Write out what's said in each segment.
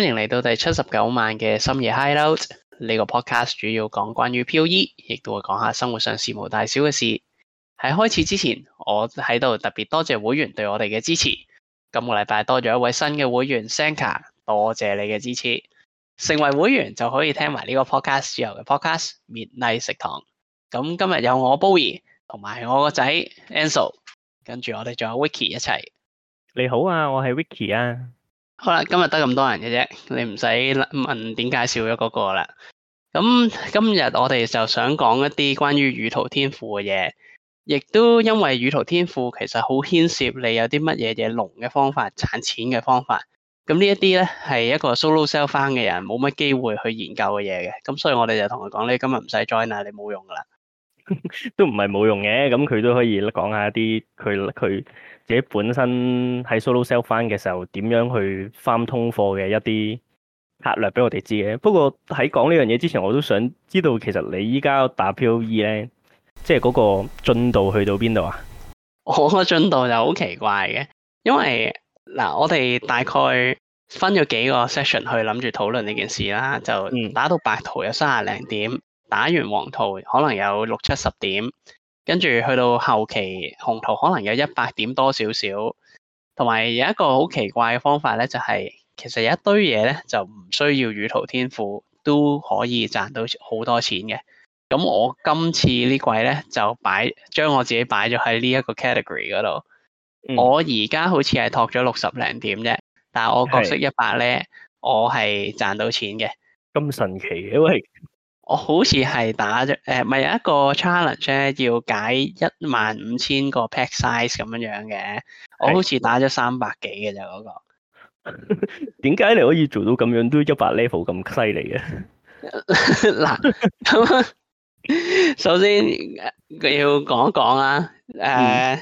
歡迎嚟到第七十九晚嘅深夜 Hideout 呢個 podcast 主要講關於 PoE，亦都會講下生活上事無大小嘅事。喺開始之前，我喺度特別多謝會員對我哋嘅支持。今個禮拜多咗一位新嘅會員 Sanka，多謝你嘅支持。成為會員就可以聽埋呢個 podcast 之後嘅 podcast 滅膩食堂。咁今日有我 Bowie 同埋我個仔 Ansel，跟住我哋仲有 Wiki 一齊。你好啊，我係 Wiki 啊。好啦，今日得咁多人嘅啫，你唔使問點介紹咗嗰個啦。咁今日我哋就想講一啲關於輿圖天賦嘅嘢，亦都因為輿圖天賦其實好牽涉你有啲乜嘢嘢龍嘅方法、賺錢嘅方法。咁呢一啲咧係一個 solo self found 嘅人，冇乜機會去研究嘅嘢嘅。咁所以我哋就同佢講，你今日唔使 join 啊，你冇用噶啦。都唔係冇用嘅，咁佢都可以講下啲佢佢。自己本身喺 solo sell 翻嘅時候點樣去翻通貨嘅一啲策略俾我哋知嘅。不過喺講呢樣嘢之前，我都想知道其實你依家打 POE 咧，即係嗰個進度去到邊度啊？我個進度就好奇怪嘅，因為嗱，我哋大概分咗幾個 session 去諗住討論呢件事啦。就打到白圖有三廿零點，打完黃圖可能有六七十點。跟住去到後期，紅圖可能有一百點多少少，同埋有一個好奇怪嘅方法咧，就係、是、其實有一堆嘢咧就唔需要輿圖天賦都可以賺到好多錢嘅。咁我今次季呢季咧就擺將我自己擺咗喺呢一個 category 嗰度，嗯、我而家好似係拓咗六十零點啫，但係我角色一百咧，是我係賺到錢嘅。咁神奇嘅、啊，因為我好似係打咗，誒咪有一個 challenge 咧，要解一萬五千個 pack size 咁樣樣嘅。我好似打咗三百幾嘅咋嗰個。點解你可以做到咁樣都一百 level 咁犀利嘅？嗱，首先要講一講啦，誒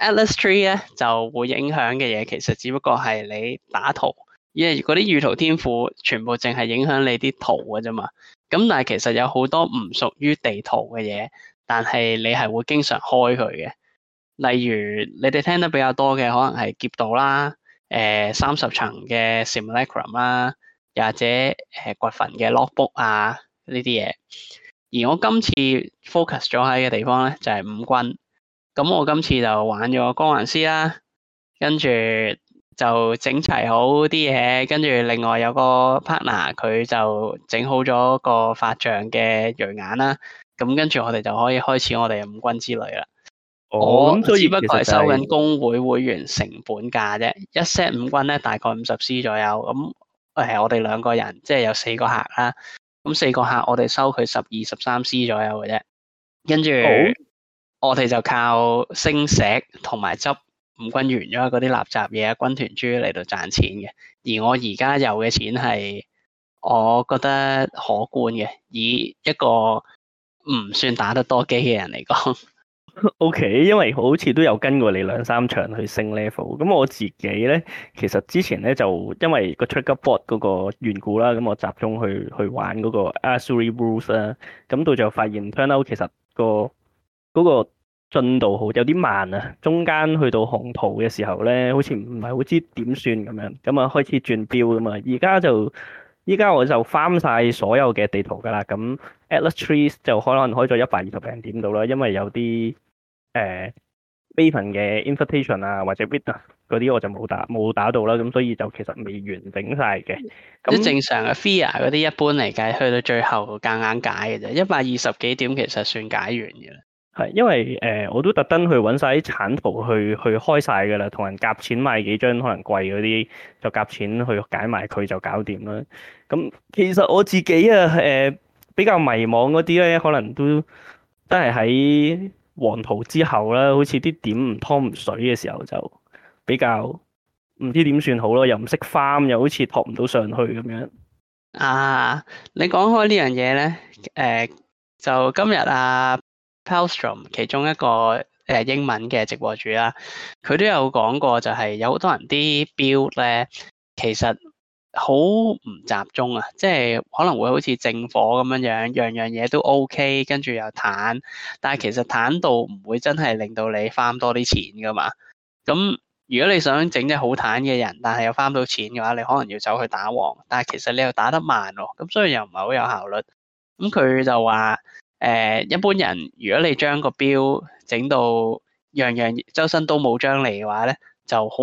，Atlas tree 咧就會影響嘅嘢，其實只不過係你打圖，因為嗰啲輿圖天賦全部淨係影響你啲圖嘅啫嘛。咁但係其實有好多唔屬於地圖嘅嘢，但係你係會經常開佢嘅。例如你哋聽得比較多嘅，可能係劫盜啦，誒三十層嘅 Simulacrum 啦，又或者誒掘墳嘅 Logbook 啊呢啲嘢。而我今次 focus 咗喺嘅地方咧，就係五軍。咁我今次就玩咗個光環師啦，跟住。就整齊好啲嘢，跟住另外有個 partner 佢就整好咗個法像嘅鋭眼啦。咁跟住我哋就可以開始我哋嘅五軍之旅啦。哦、所以我咁，只不過係收緊公會會員成本價啫。哦、一 set 五軍咧大概五十 C 左右。咁誒，我哋兩個人即係、就是、有四個客啦。咁四個客我哋收佢十二十三 C 左右嘅啫。跟住我哋就靠星石同埋執。五軍完咗嗰啲垃圾嘢，軍團豬嚟到賺錢嘅。而我而家有嘅錢係，我覺得可觀嘅。以一個唔算打得多機嘅人嚟講，O K。Okay, 因為好似都有跟過你兩三場去升 level。咁我自己咧，其實之前咧就因為個 trigger bot a 嗰個緣故啦，咁我集中去去玩嗰個 a s u r e rules 啦。咁到就發現 turn out 其實個、那、嗰個。那個進度好有啲慢啊，中間去到紅圖嘅時候咧，好似唔係好知點算咁樣，咁啊開始轉標咁嘛。而家就，而家我就翻晒所有嘅地圖噶啦。咁 Atlas Trees 就可能開咗一百二十零點度啦，因為有啲 Maven 嘅 invitation 啊或者 bit 啊嗰啲我就冇打冇打到啦，咁所以就其實未完整晒嘅。咁正常嘅 Fear 嗰啲一般嚟計，去到最後夾硬解嘅啫，一百二十幾點其實算解完嘅啦。係，因為誒、呃，我都特登去搵晒啲殘圖，去去開晒噶啦，同人夾錢買幾張可能貴嗰啲，就夾錢去解埋佢就搞掂啦。咁、嗯、其實我自己啊，誒、呃，比較迷惘嗰啲咧，可能都都係喺黃圖之後啦，好似啲點唔湯唔水嘅時候，就比較唔知點算好咯，又唔識 farm，又好似托唔到上去咁樣。啊，你講開呢樣嘢咧，誒、呃，就今日啊。Calstrum 其中一個誒英文嘅直播主啦，佢都有講過就有，就係有好多人啲 build 咧，其實好唔集中啊，即係可能會好似正火咁樣樣，樣樣嘢都 OK，跟住又坦，但係其實坦到唔會真係令到你翻多啲錢噶嘛。咁如果你想整隻好坦嘅人，但係又翻唔到錢嘅話，你可能要走去打王，但係其實你又打得慢喎，咁所以又唔係好有效率。咁佢就話。誒，uh, 一般人如果你將個標整到樣樣周身都冇張嚟嘅話咧，就好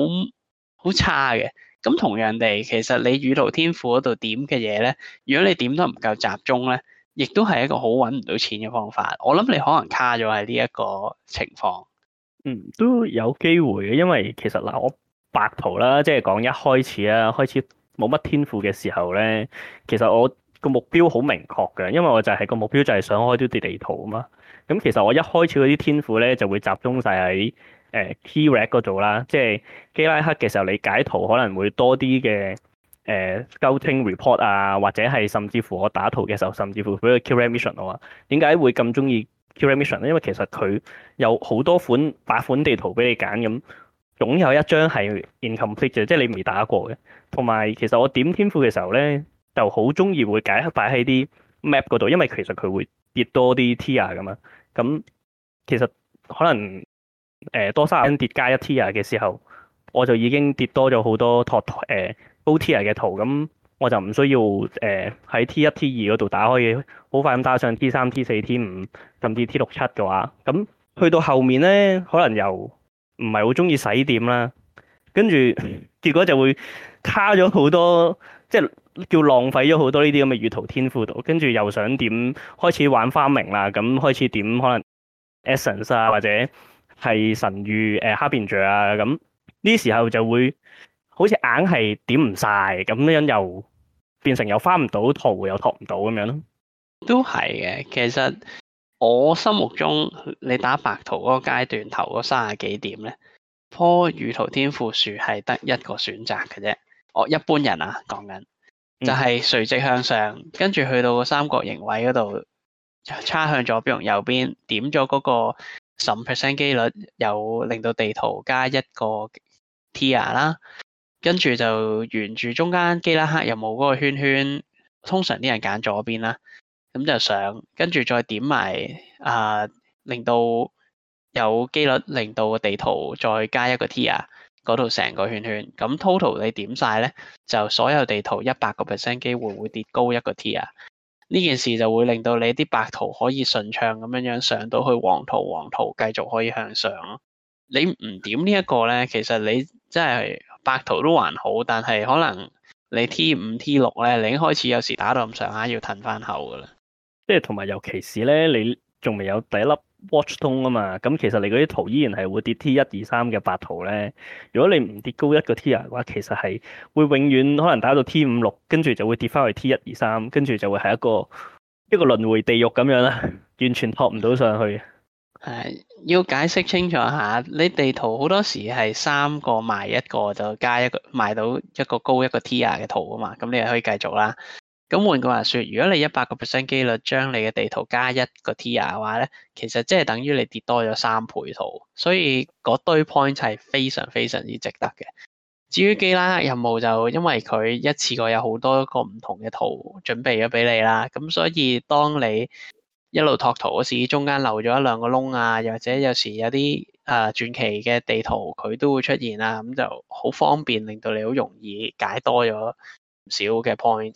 好差嘅。咁同樣地，其實你輿圖天賦嗰度點嘅嘢咧，如果你點都唔夠集中咧，亦都係一個好搵唔到錢嘅方法。我諗你可能卡咗喺呢一個情況。嗯，都有機會嘅，因為其實嗱，我白圖啦，即係講一開始啊，開始冇乜天賦嘅時候咧，其實我。個目標好明確嘅，因為我就係、是、個目標就係想開啲地圖啊嘛。咁其實我一開始嗰啲天賦咧就會集中晒喺誒、呃、Kirac 嗰度啦。即係基拉克嘅時候，你解圖可能會多啲嘅誒 Scouting Report 啊，或者係甚至乎我打圖嘅時候，甚至乎嗰個 Kirac mission 啊。點解會咁中意 Kirac mission 咧？因為其實佢有好多款八款地圖俾你揀，咁總有一張係 incomplete 嘅，即係你未打過嘅。同埋其實我點天賦嘅時候咧，就好中意會解擺喺啲 map 嗰度，因為其實佢會跌多啲 tier 㗎嘛。咁、嗯、其實可能誒、呃、多三蚊跌加一 tier 嘅時候，我就已經跌多咗好多托誒高 tier 嘅圖，咁、嗯、我就唔需要誒喺、呃、T 一 T 二嗰度打開嘢，好快咁打上 T 三 T 四 T 五甚至 T 六七嘅話，咁、嗯、去到後面咧，可能又唔係好中意洗點啦，跟住結果就會卡咗好多，即係。叫浪費咗好多呢啲咁嘅輿圖天賦度，跟住又想點開始玩花明啦、啊，咁開始點可能 Essence 啊，或者係神諭誒 Harbinger 啊，咁呢時候就會好似硬係點唔晒，咁樣又變成又翻唔到圖，又拓唔到咁樣咯。都係嘅，其實我心目中你打白圖嗰個階段投嗰三十幾點咧，棵輿圖天賦樹係得一個選擇嘅啫。我、哦、一般人啊講緊。就係垂直向上，跟住去到個三角形位嗰度，叉向左邊同右邊點咗嗰個十五 percent 機率，有令到地圖加一個 tier 啦。跟住就沿住中間基拉克任務嗰個圈圈，通常啲人揀左邊啦，咁就上，跟住再點埋啊、呃，令到有機率令到個地圖再加一個 tier 嗰度成個圈圈，咁 total 你點晒咧，就所有地圖一百個 percent 機會會跌高一個 T 啊。呢件事就會令到你啲白圖可以順暢咁樣上到去黃圖，黃圖繼續可以向上咯。你唔點呢一個咧，其實你真係白圖都還好，但係可能你 T 五 T 六咧，你已經開始有時打到咁上下要褪翻後噶啦。即係同埋，尤其是咧，你仲未有第一粒。Watch 通啊嘛，咁其實你嗰啲圖依然係會跌 T 一二三嘅白圖咧。如果你唔跌高一個 T 啊嘅話，其實係會永遠可能打到 T 五六，跟住就會跌翻去 T 一二三，跟住就會係一個一個輪迴地獄咁樣啦，完全託唔到上去。係要解釋清楚一下，你地圖好多時係三個賣一個就加一個賣到一個高一個 T 啊嘅圖啊嘛，咁你係可以繼續啦。咁換句話説，如果你一百個 percent 機率將你嘅地圖加一個 tier 嘅話咧，其實即係等於你跌多咗三倍圖，所以嗰堆 point 係非常非常之值得嘅。至於基拉克任務就因為佢一次過有好多個唔同嘅圖準備咗俾你啦，咁所以當你一路拓圖嗰時，中間留咗一兩個窿啊，又或者有時有啲誒傳奇嘅地圖佢都會出現啊，咁就好方便，令到你好容易解多咗唔少嘅 point。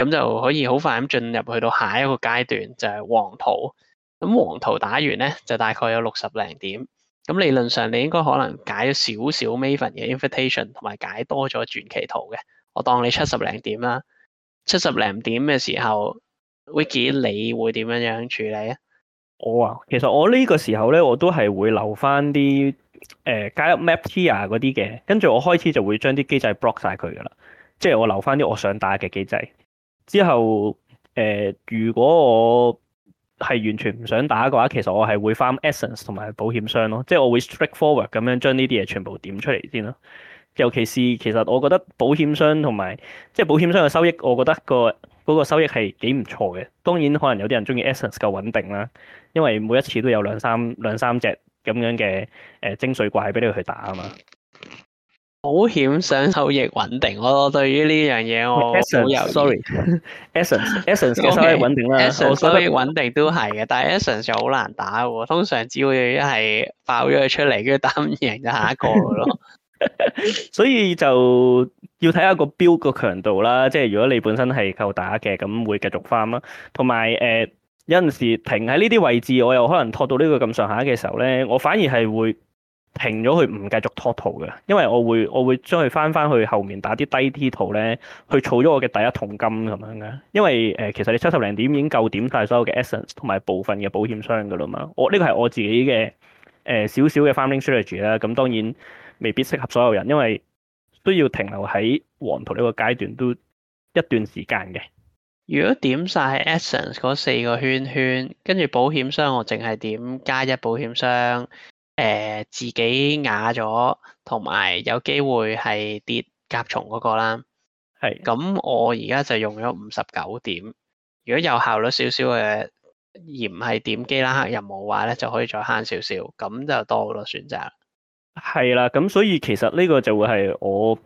咁就可以好快咁進入去到下一個階段，就係、是、黃圖。咁黃圖打完咧，就大概有六十零點。咁理論上你應該可能解咗少少 Maven 嘅 invitation，同埋解多咗傳奇圖嘅。我當你七十零點啦，七十零點嘅時候 Wiki 你會點樣樣處理啊？我啊，其實我呢個時候咧，我都係會留翻啲誒加入 Map Tier 嗰啲嘅，跟、呃、住我開始就會將啲機制 block 曬佢噶啦，即係我留翻啲我想打嘅機制。之後，誒、呃，如果我係完全唔想打嘅話，其實我係會 farm essence 同埋保險箱咯，即係我會 straightforward 咁樣將呢啲嘢全部點出嚟先咯。尤其是其實我覺得保險箱同埋即係保險箱嘅收益，我覺得、嗰個嗰、嗰個收益係幾唔錯嘅。當然可能有啲人中意 essence 夠穩定啦，因為每一次都有兩三兩三隻咁樣嘅誒、呃、精髓掛喺俾你去打啊嘛。保險上收益穩定，我對於呢樣嘢，我都有。Sorry，essence，essence 嘅收益穩定啦，收益穩定都係嘅，但係 essence 就好難打喎，通常只會係爆咗佢出嚟，跟住打唔贏就下一個咯。所以就要睇下個 build 個強度啦，即係如果你本身係夠打嘅，咁會繼續翻啦。同埋誒，有陣時停喺呢啲位置，我又可能拖到呢個咁上下嘅時候咧，我反而係會。停咗佢唔繼續拓圖嘅，因為我會我會將佢返返去後面打啲低啲圖咧，去儲咗我嘅第一桶金咁樣嘅。因為誒、呃、其實你七十零點已經夠點晒所有嘅 essence 同埋部分嘅保險箱噶啦嘛。我呢個係我自己嘅誒少、呃、少嘅 farming strategy 啦。咁當然未必適合所有人，因為都要停留喺黃圖呢個階段都一段時間嘅。如果點晒 essence 嗰四個圈圈，跟住保險箱我淨係點加一保險箱。誒自己啞咗，同埋有，有機會係跌甲蟲嗰個啦。係的。咁我而家就用咗五十九點。如果有效率少少嘅，而唔係點基拉克，任務嘅話咧，就可以再慳少少。咁就多好多選擇。係啦。咁所以其實呢個就會係我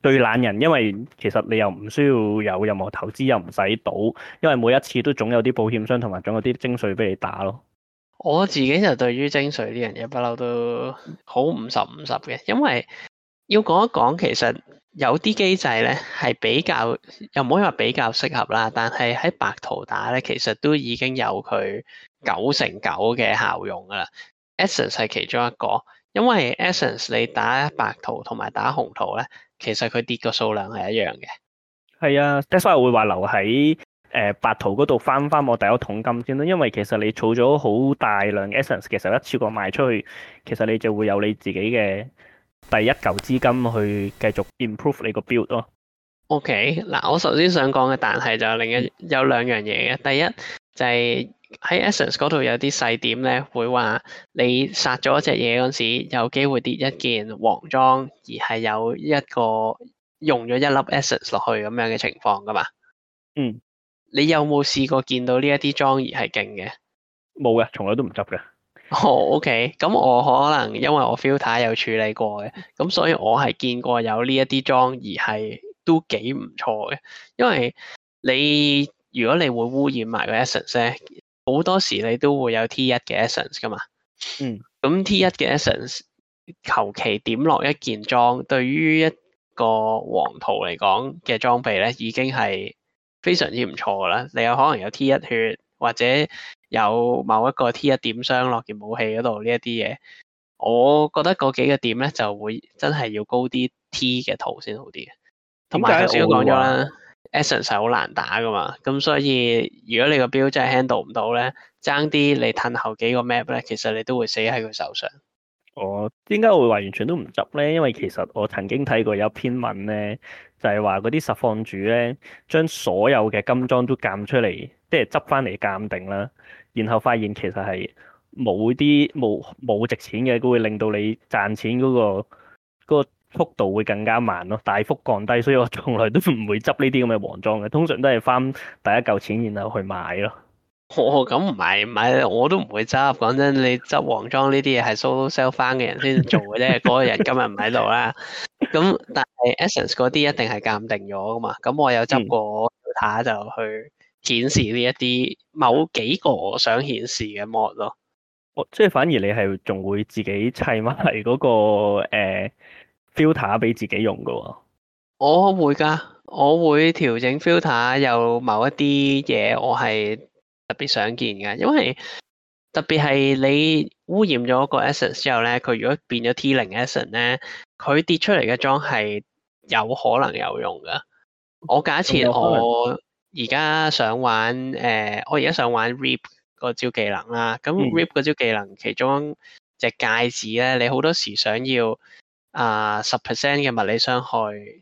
對懶人，因為其實你又唔需要有任何投資，又唔使賭，因為每一次都總有啲保險箱同埋總有啲精髓俾你打咯。我自己就對於精髓呢樣嘢不嬲都好五十五十嘅，因為要講一講，其實有啲機制咧係比較又唔可以話比較適合啦。但係喺白圖打咧，其實都已經有佢九成九嘅效用噶啦。Essence 係其中一個，因為 Essence 你打白圖同埋打紅圖咧，其實佢跌個數量係一樣嘅。係啊，所以會話留喺，誒、呃、白圖嗰度翻翻我第一桶金先啦，因為其實你儲咗好大量 essence 嘅時候，一次過賣出去，其實你就會有你自己嘅第一嚿資金去繼續 improve 你個 build 咯。OK，嗱我首先想講嘅，但係就另一有兩樣嘢嘅，第一就係、是、喺 essence 嗰度有啲細點咧，會話你殺咗一隻嘢嗰陣時，有機會跌一件黃裝，而係有一個用咗一粒 essence 落去咁樣嘅情況㗎嘛。嗯。你有冇試過見到呢一啲裝而係勁嘅？冇嘅，從來都唔執嘅。哦，OK，咁我可能因為我 filter 有處理過嘅，咁所以我係見過有呢一啲裝而係都幾唔錯嘅。因為你如果你會污染埋個 essence 咧，好多時你都會有 T 一嘅 essence 噶嘛。嗯。咁 T 一嘅 essence，求其點落一件裝，對於一個黃圖嚟講嘅裝備咧，已經係～非常之唔錯㗎啦，你有可能有 T 一血或者有某一個 T 一點傷落件武器嗰度呢一啲嘢，我覺得嗰幾個點咧就會真係要高啲 T 嘅圖先好啲嘅。同埋頭先都講咗啦，Essence 係好難打噶嘛，咁所以如果你個標、er、真係 handle 唔到咧，爭啲你褪後幾個 map 咧，其實你都會死喺佢手上。哦，點解我會話完全都唔執咧？因為其實我曾經睇過有篇文咧。就係話嗰啲實況主咧，將所有嘅金裝都鑑出嚟，即係執翻嚟鑑定啦，然後發現其實係冇啲冇冇值錢嘅，都會令到你賺錢嗰個嗰個速度會更加慢咯，大幅降低。所以我從來都唔會執呢啲咁嘅黃裝嘅，通常都係翻第一嚿錢，然後去買咯。我咁唔係唔係，我都唔會執。講真，你執黃裝呢啲嘢係 so sell 翻嘅人先做嘅啫。嗰 個人今日唔喺度啦。咁但係 essence 嗰啲一定係鑑定咗噶嘛？咁我有執過，就去顯示呢一啲某幾個我想顯示嘅 mod 咯、哦。即係反而你係仲會自己砌埋嗰個誒、呃、filter 俾自己用噶？我會噶，我會調整 filter 有某一啲嘢，我係。特別想見嘅，因為特別係你污染咗個 essence 之後咧，佢如果變咗 T 零 essence 咧，佢跌出嚟嘅裝係有可能有用噶。我假設我而家想玩誒、呃，我而家想玩 Reap 個招技能啦。咁 Reap 個招技能，其中隻戒指咧，你好多時想要啊十 percent 嘅物理傷害。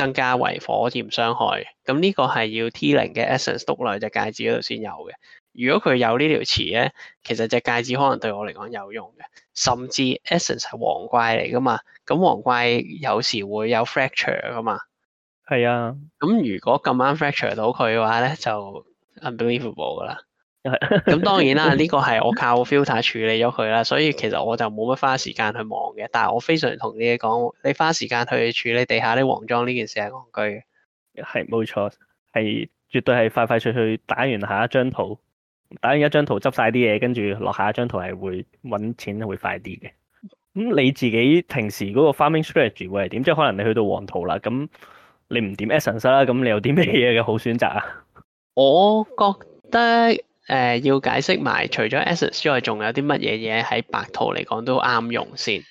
增加為火焰傷害，咁呢個係要 T 零嘅 Essence 篤落隻戒指嗰度先有嘅。如果佢有條呢條詞咧，其實隻戒指可能對我嚟講有用嘅，甚至 Essence 係黃怪嚟噶嘛。咁黃怪有時會有 Fracture 噶嘛。係啊，咁如果咁啱 Fracture 到佢嘅話咧，就 Unbelievable 噶啦。咁 當然啦，呢、這個係我靠 filter 處理咗佢啦，所以其實我就冇乜花時間去望嘅。但係我非常同意你講，你花時間去處理地下啲黃裝呢件事係戇居嘅。係冇錯，係絕對係快快脆脆打完下一張圖，打完一張圖執晒啲嘢，跟住落下一張圖係會搵錢會快啲嘅。咁你自己平時嗰個 farming strategy 會係點？即係可能你去到黃圖啦，咁你唔點 essence 啦，咁你有啲咩嘢嘅好選擇啊？我覺得。誒、呃，要解釋埋除咗 Essence 之外，仲有啲乜嘢嘢喺白圖嚟講都啱用先。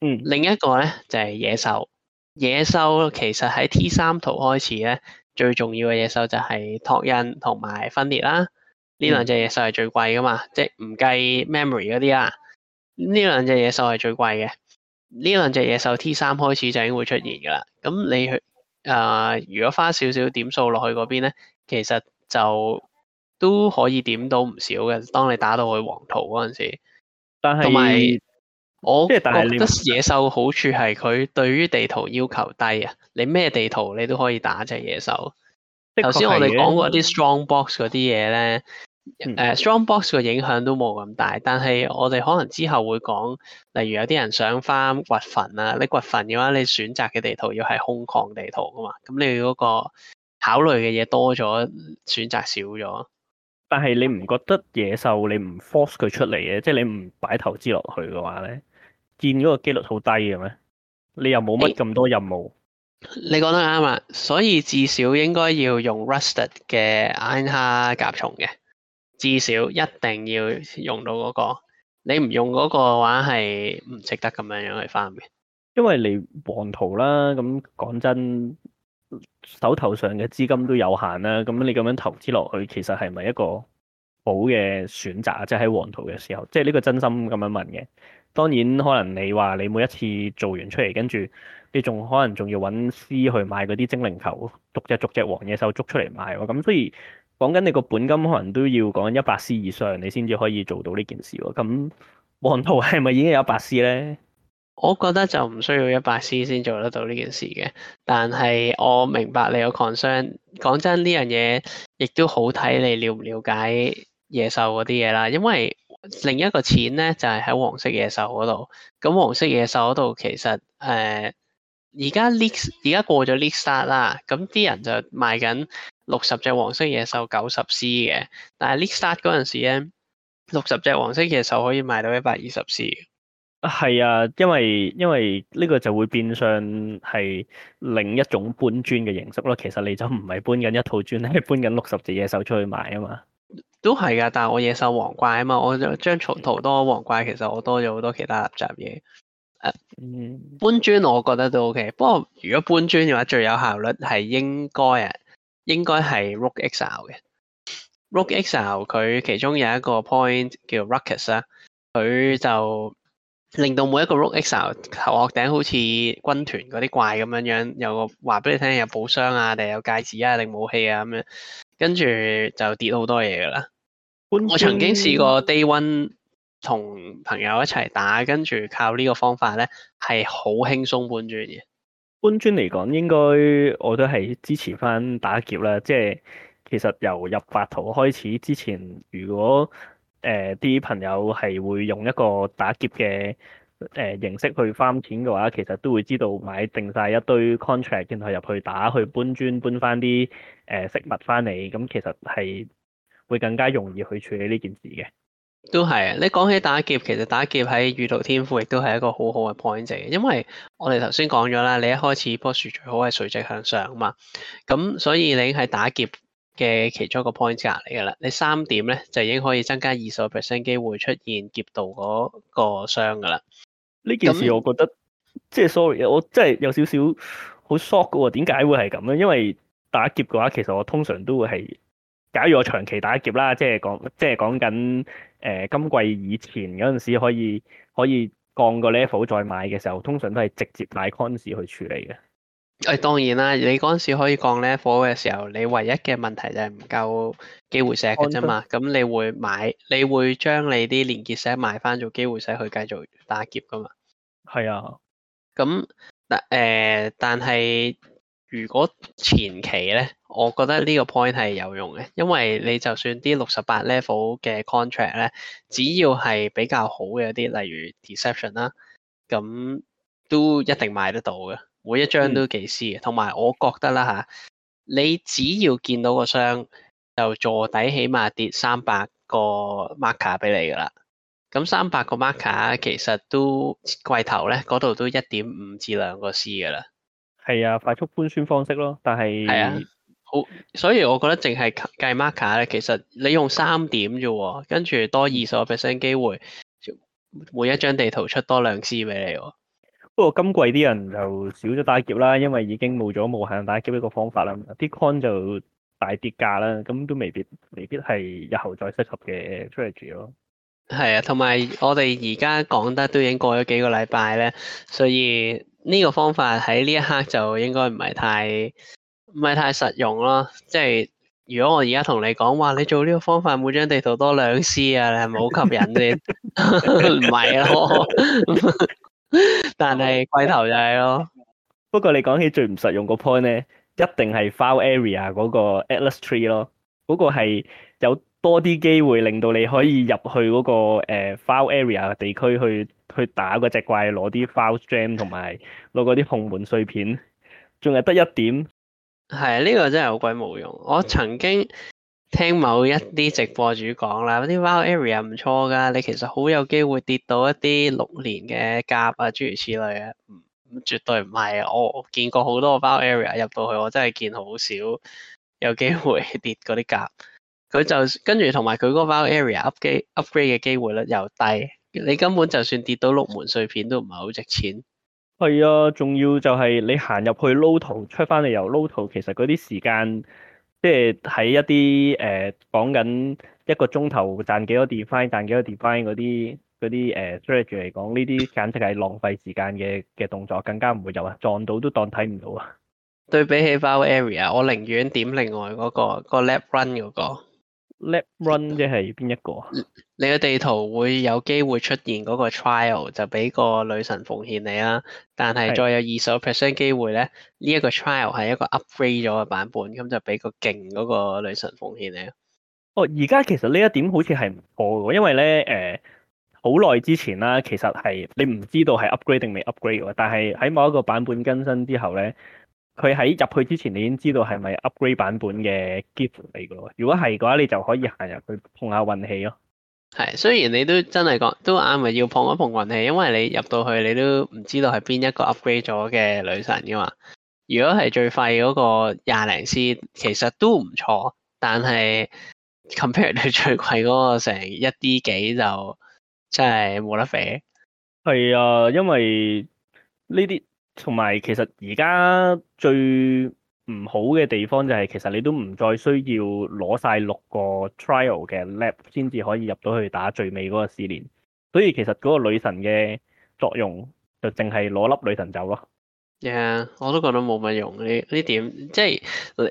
嗯，另一個咧就係、是、野獸。野獸其實喺 T 三圖開始咧，最重要嘅野獸就係拓印同埋分裂啦。呢兩隻野獸係最貴噶嘛，嗯、即係唔計 memory 嗰啲啊。呢兩隻野獸係最貴嘅。呢兩隻野獸 T 三開始就已經會出現噶啦。咁你去誒、呃，如果花少少點數落去嗰邊咧，其實就～都可以點到唔少嘅。當你打到去黃圖嗰陣時，但係同埋我覺得野獸好處係佢對於地圖要求低啊。你咩地圖你都可以打隻野獸。頭先的確我哋講過啲 strong box 嗰啲嘢咧，誒、嗯 uh, strong box 嘅影響都冇咁大。但係我哋可能之後會講，例如有啲人想翻掘墳啊，你掘墳嘅話，你選擇嘅地圖要係空曠地圖噶嘛。咁你嗰個考慮嘅嘢多咗，選擇少咗。但係你唔覺得野獸你唔 force 佢出嚟嘅，即係你唔擺投資落去嘅話咧，見嗰個機率好低嘅咩？你又冇乜咁多任務。你講得啱啊，所以至少應該要用 Rusted 嘅硬蝦甲蟲嘅，至少一定要用到嗰個。你唔用嗰個嘅話係唔值得咁樣樣去翻嘅，因為你黃圖啦，咁講真。手頭上嘅資金都有限啦，咁你咁樣投資落去，其實係咪一個好嘅選擇啊？即係喺黃圖嘅時候，即係呢個真心咁樣問嘅。當然可能你話你每一次做完出嚟，跟住你仲可能仲要揾 C 去買嗰啲精靈球，逐隻逐隻黃野獸捉出嚟賣喎。咁所以講緊你個本金可能都要講一百 C 以上，你先至可以做到呢件事喎。咁黃圖係咪已經有百 C 呢？我覺得就唔需要一百 C 先做得到呢件事嘅，但係我明白你有 concern。講真，呢樣嘢亦都好睇你了唔了解野獸嗰啲嘢啦。因為另一個錢咧就係、是、喺黃色野獸嗰度。咁黃色野獸嗰度其實誒而家 league 而家過咗 league start 啦，咁啲人就賣緊六十隻黃色野獸九十 C 嘅。但係 league start 嗰陣時咧，六十隻黃色野獸可以賣到一百二十 C。啊，係啊，因為因為呢個就會變相係另一種搬磚嘅形式咯。其實你就唔係搬緊一套磚，係搬緊六十隻野獸出去賣啊嘛。都係噶，但係我野獸皇怪啊嘛，我就將淘淘多皇怪，其實我多咗好多其他雜嘢。誒、啊，搬磚我覺得都 OK，不過如果搬磚嘅話，最有效率係應該啊，應該係 Rogue Exile 嘅 Rogue Exile，佢其中有一個 point 叫 Rockets 啊，佢就。令到每一個 rock x 頭殼頂好似軍團嗰啲怪咁樣樣，有個話俾你聽，有寶箱啊，定有戒指啊，定武器啊咁樣，跟住就跌好多嘢噶啦。搬磚 我曾經試過 day one 同朋友一齊打，跟住靠呢個方法咧，係好輕鬆搬磚嘅。搬磚嚟講，應該我都係支持翻打劫啦。即係其實由入白圖開始之前，如果誒啲、呃、朋友係會用一個打劫嘅誒、呃、形式去翻錢嘅話，其實都會知道買定晒一堆 contract，然後入去打去搬磚搬翻啲誒食物翻嚟，咁、嗯、其實係會更加容易去處理呢件事嘅。都係啊！你講起打劫，其實打劫喺輿圖天賦亦都係一個好好嘅 point 嘅，因為我哋頭先講咗啦，你一開始棵樹最好係垂直向上嘛，咁所以你係打劫嘅其中一個 point 嚟㗎啦，你三點咧就已經可以增加二十個 percent 機會出現劫盜嗰個箱㗎啦。呢件事我覺得那即係 sorry，我真係有少少好 shock 嘅喎，點解會係咁咧？因為打劫嘅話，其實我通常都會係，假如我長期打劫啦，即係講即係講緊誒今季以前嗰陣時可以可以降個 level 再買嘅時候，通常都係直接買 cons 去處理嘅。誒、哎、當然啦，你嗰陣時可以降 level 嘅時候，你唯一嘅問題就係唔夠機會石嘅啫嘛。咁你會買，你會將你啲連結石買翻做機會石去繼續打劫噶嘛？係啊。咁但誒，但係如果前期咧，我覺得呢個 point 係有用嘅，因為你就算啲六十八 level 嘅 contract 咧，只要係比較好嘅啲，例如 deception 啦，咁都一定買得到嘅。每一張都幾絲，同埋、嗯、我覺得啦嚇、啊，你只要見到個箱，就坐底起碼跌三百個 marker 俾你噶啦。咁三百個 marker，其實都貴頭咧，嗰度都一點五至兩個 c 噶啦。係啊，快速換算方式咯，但係係啊，好，所以我覺得淨係計 marker 咧，其實你用三點啫喎，跟住多二十個 percent 機會，每一張地圖出多兩 c 俾你喎。不過今季啲人就少咗打劫啦，因為已經冇咗無限打劫呢個方法啦。啲 con 就大跌價啦，咁都未必未必係日後再適合嘅出 r a g 咯。係啊，同埋我哋而家講得都已經過咗幾個禮拜咧，所以呢個方法喺呢一刻就應該唔係太唔係太實用咯。即係如果我而家同你講話，你做呢個方法每張地圖多兩 c 啊，你係咪好吸引啫？唔係啊！ 但係是龜、嗯、頭就係咯，不過你講起最唔實用個 point 咧，一定係 file area 嗰個 atlas tree 咯，嗰、那個係有多啲機會令到你可以入去嗰、那個誒、呃、file area 地區去去打嗰隻怪，攞啲 file gem 同埋攞嗰啲紅門碎片，仲係得一點。係啊，呢個真係好鬼冇用。我曾經。聽某一啲直播主講啦，啲 Vaal area 唔錯噶，你其實好有機會跌到一啲六年嘅甲啊，諸如此類嘅，咁絕對唔係啊！我見過好多個 Vaal area 入到去，我真係見好少有機會跌嗰啲甲。佢就跟住同埋佢嗰 Vaal area up, upgrade upgrade 嘅機會率又低，你根本就算跌到六門碎片都唔係好值錢。係啊，仲要就係你行入去撈圖，出翻嚟又撈圖，其實嗰啲時間。即係喺一啲誒、呃、講緊一個鐘頭賺幾多 divine 賺幾多 divine 嗰啲嗰啲 strategy 嚟講，呢啲簡直係浪費時間嘅嘅動作，更加唔會有啊！撞到都當睇唔到啊！對比起 Vaal area，我寧願點另外嗰個、個 lab run 嗰個。Lab run 即係邊一個啊？你嘅地圖會有機會出現嗰個 trial，就俾個女神奉獻你啦。但係再有二十 percent 機會咧，呢、呢、一個 trial 係一個 upgrade 咗嘅版本，咁就俾個勁嗰個女神奉獻你。哦，而家其實呢一點好似係唔錯嘅，因為咧誒，好、呃、耐之前啦，其實係你唔知道係 upgrade 定未 upgrade 嘅。但係喺某一個版本更新之後咧。佢喺入去之前，你已經知道係咪 upgrade 版本嘅 gift 嚟嘅咯。如果係嘅話，你就可以行入去碰下運氣咯。係，雖然你都真係講都啱，咪要碰一碰運氣，因為你入到去，你都唔知道係邊一個 upgrade 咗嘅女神噶嘛。如果係最廢嗰個廿零 c，其實都唔錯，但係 compare 你最貴嗰個成一啲幾就真係冇得揈。係啊，因為呢啲。同埋，其實而家最唔好嘅地方就係，其實你都唔再需要攞晒六個 trial 嘅 lab 先至可以入到去打最尾嗰個試煉。所以其實嗰個女神嘅作用就淨係攞粒女神走咯。y、yeah，我都覺得冇乜用呢呢點，即係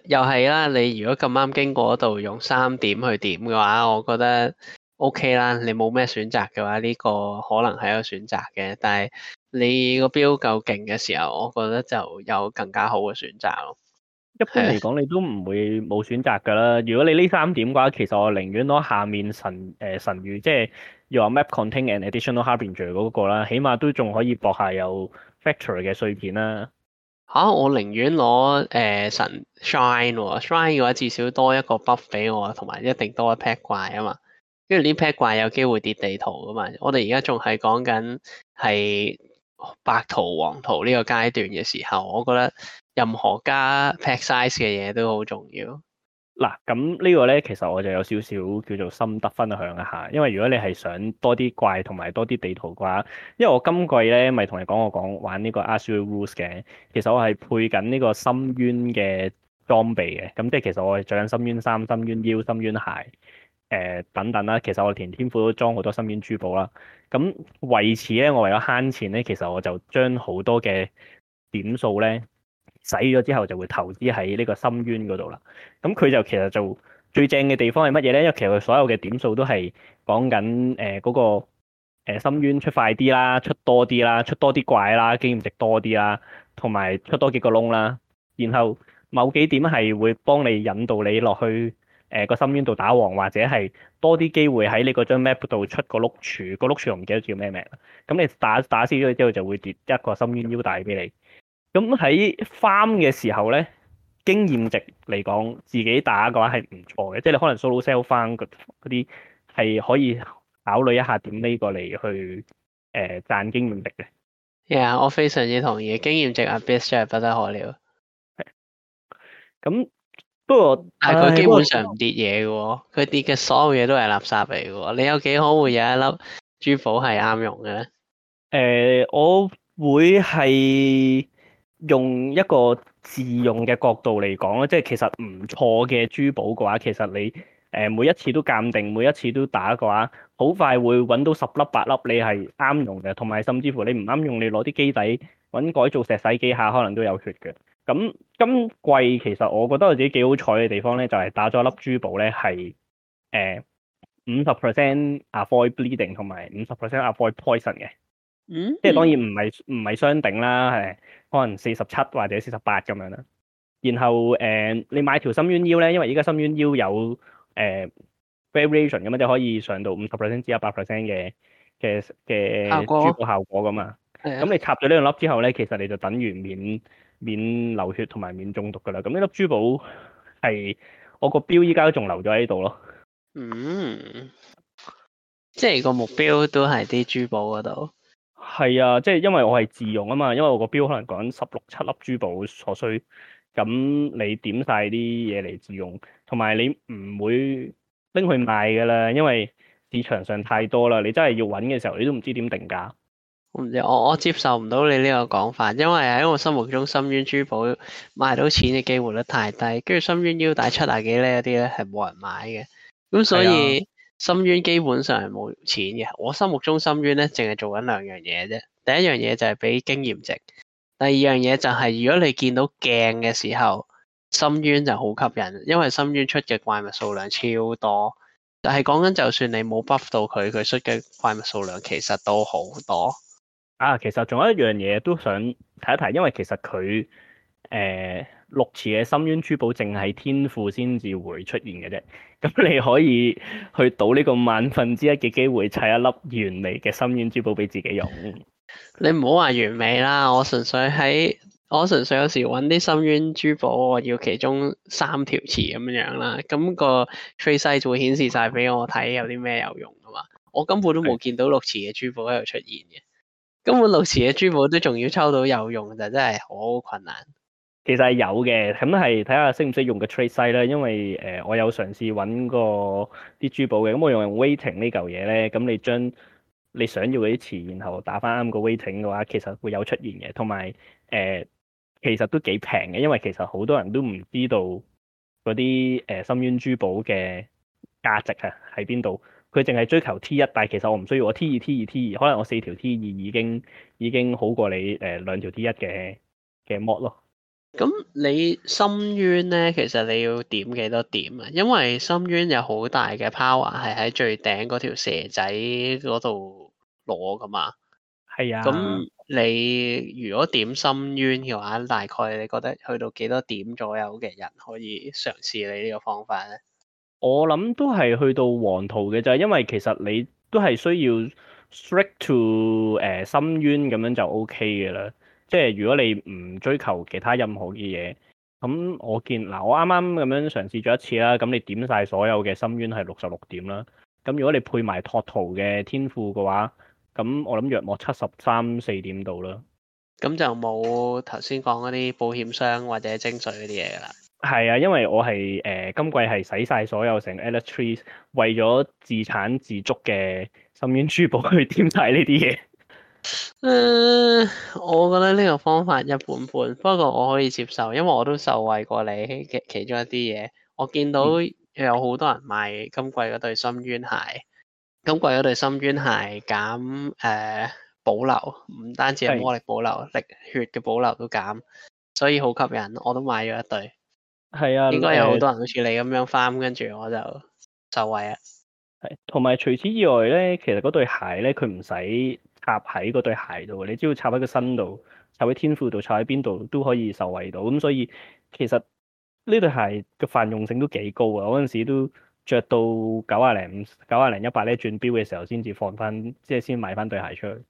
又係啦。你如果咁啱經過度用三點去點嘅話，我覺得 O、OK、K 啦。你冇咩選擇嘅話，呢、這個可能係一個選擇嘅，但係。你個標夠勁嘅時候，我覺得就有更加好嘅選擇咯。一般嚟講，你都唔會冇選擇㗎啦。如果你呢三點嘅話，其實我寧願攞下面神誒、呃、神諭，即係 your map containing、er、additional harbingers 嗰個啦，起碼都仲可以博下有 factory 嘅碎片啦。嚇、啊！我寧願攞誒、呃、神 Shrine，Shrine 嘅話至少多一個 buff 俾我，同埋一定多一 pack 怪啊嘛。因為呢 pack 怪有機會跌地圖啊嘛。我哋而家仲係講緊係。白圖黃圖呢個階段嘅時候，我覺得任何加 pack size 嘅嘢，都好重要。嗱，咁呢個咧，其實我就有少少叫做心得分享一下。因為如果你係想多啲怪同埋多啲地圖嘅話，因為我今季咧咪同你講我講玩呢個 Ashu Rules 嘅，其實我係配緊呢個深淵嘅裝備嘅。咁即係其實我係着緊深淵衫、深淵腰、深淵鞋。誒、呃、等等啦，其實我連天賦都裝好多深淵珠寶啦。咁為此咧，我為咗慳錢咧，其實我就將好多嘅點數咧使咗之後，就會投資喺呢個深淵嗰度啦。咁佢就其實就最正嘅地方係乜嘢咧？因為其實佢所有嘅點數都係講緊誒嗰個深淵出快啲啦，出多啲啦，出多啲怪啦，經驗值多啲啦，同埋出多幾個窿啦。然後某幾點係會幫你引導你落去。誒、啊那個深淵度打王，或者係多啲機會喺你嗰張 map 度出個碌柱，嗰個碌柱我唔記得叫咩名，咁你打打死咗之後就會跌一個深淵腰帶俾你。咁喺翻嘅時候咧，經驗值嚟講，自己打嘅話係唔錯嘅，即係你可能 solo sell 翻嗰啲係可以考慮一下點呢個嚟去誒、呃、賺經驗值嘅。係啊，我非常之同意，經驗值啊 best 係不得可料。咁、嗯。嗯嗯嗯不過，但係佢基本上唔跌嘢嘅喎，佢跌嘅所有嘢都係垃圾嚟嘅喎。你有幾可會有一粒珠寶係啱用嘅咧？誒、呃，我會係用一個自用嘅角度嚟講啦，即係其實唔錯嘅珠寶嘅話，其實你誒每一次都鑑定，每一次都打嘅話，好快會揾到十粒八粒你係啱用嘅，同埋甚至乎你唔啱用，你攞啲機底揾改造石洗幾下，可能都有血嘅。咁今季其實我覺得我自己幾好彩嘅地方咧，就係、是、打咗一粒珠寶咧，係誒五十 percent avoid bleeding 同埋五十 percent avoid poison 嘅、嗯。嗯。即係當然唔係唔係相頂啦，係可能四十七或者四十八咁樣啦。然後誒、呃，你買條深淵腰咧，因為依家深淵腰有誒、呃、variation 咁啊，就可以上到五十 percent 至一百 percent 嘅嘅嘅珠寶效果噶嘛。咁的你插咗呢個粒之後咧，其實你就等於免。免流血同埋免中毒噶啦，咁呢粒珠寶係我個標依家都仲留咗喺度咯。嗯，即係個目標都係啲珠寶嗰度。係啊，即係因為我係自用啊嘛，因為我個標可能講緊十六七粒珠寶所需，咁你點晒啲嘢嚟自用，同埋你唔會拎去賣噶啦，因為市場上太多啦，你真係要揾嘅時候，你都唔知點定價。我唔知，我我接受唔到你呢個講法，因為喺我心目中深淵珠寶賣到錢嘅機會率太低，跟住深淵腰帶七啊幾咧啲咧係冇人買嘅，咁所以深淵基本上係冇錢嘅。我心目中深淵咧淨係做緊兩樣嘢啫，第一樣嘢就係俾經驗值，第二樣嘢就係如果你見到鏡嘅時候，深淵就好吸引，因為深淵出嘅怪物數量超多，但係講緊就算你冇 buff 到佢，佢出嘅怪物數量其實都好多。啊，其實仲有一樣嘢都想睇一睇，因為其實佢誒、呃、六詞嘅深淵珠寶，淨係天賦先至會出現嘅啫。咁你可以去賭呢個萬分之一嘅機會，砌一粒完美嘅深淵珠寶俾自己用。你唔好話完美啦，我純粹喺我純粹有時揾啲深淵珠寶，我要其中三條詞咁樣啦。咁、個 trace 就會顯示晒俾我睇，有啲咩有用噶嘛。我根本都冇見到六詞嘅珠寶喺度出現嘅。根本老字嘅珠寶都仲要抽到有用就真係好困難。其實有嘅，咁係睇下識唔識用個 trade site 啦。因為誒、呃，我有嘗試揾過啲珠寶嘅，咁、嗯、我用用 waiting 呢嚿嘢咧，咁、嗯、你將你想要嘅啲詞，然後打返啱個 waiting 嘅話，其實會有出現嘅。同埋誒，其實都幾平嘅，因為其實好多人都唔知道嗰啲誒深淵珠寶嘅價值啊喺邊度。佢淨係追求 T 一，但係其實我唔需要我 T 二、T 二、T 二，可能我四條 T 二已經已經好過你誒兩條 T 一嘅嘅 mod 咯。咁你深淵咧，其實你要點幾多點啊？因為深淵有好大嘅 power 係喺最頂嗰條蛇仔嗰度攞㗎嘛。係啊。咁你如果點深淵嘅話，大概你覺得去到幾多點左右嘅人可以嘗試你呢個方法咧？我諗都係去到黃圖嘅就係，因為其實你都係需要 straight to 誒、呃、深淵咁樣就 OK 嘅啦。即係如果你唔追求其他任何嘅嘢，咁我見嗱我啱啱咁樣嘗試咗一次啦。咁你點晒所有嘅深淵係六十六點啦。咁如果你配埋拓圖嘅天賦嘅話，咁我諗約莫七十三四點度啦。咁就冇頭先講嗰啲保險箱或者精髓嗰啲嘢啦。係啊，因為我係誒、呃、今季係使晒所有成 eleven trees 為咗自產自足嘅深淵珠寶去添晒呢啲嘢。嗯、呃，我覺得呢個方法一般般，不過我可以接受，因為我都受惠過你其其中一啲嘢。我見到有好多人買今季嗰對深淵鞋，今季嗰對深淵鞋減誒、呃、保留，唔單止係魔力保留，是力血嘅保留都減，所以好吸引，我都買咗一對。係啊，應該有好多人好似你咁樣翻，跟住我就受惠啊。係，同埋除此以外咧，其實嗰對鞋咧，佢唔使插喺嗰對鞋度，你只要插喺個身度，插喺天賦度，插喺邊度都可以受惠到。咁所以其實呢對鞋嘅泛用性都幾高啊！我嗰陣時都着到九廿零九廿零一八咧，轉標嘅時候先至放翻，即係先買翻對鞋出去。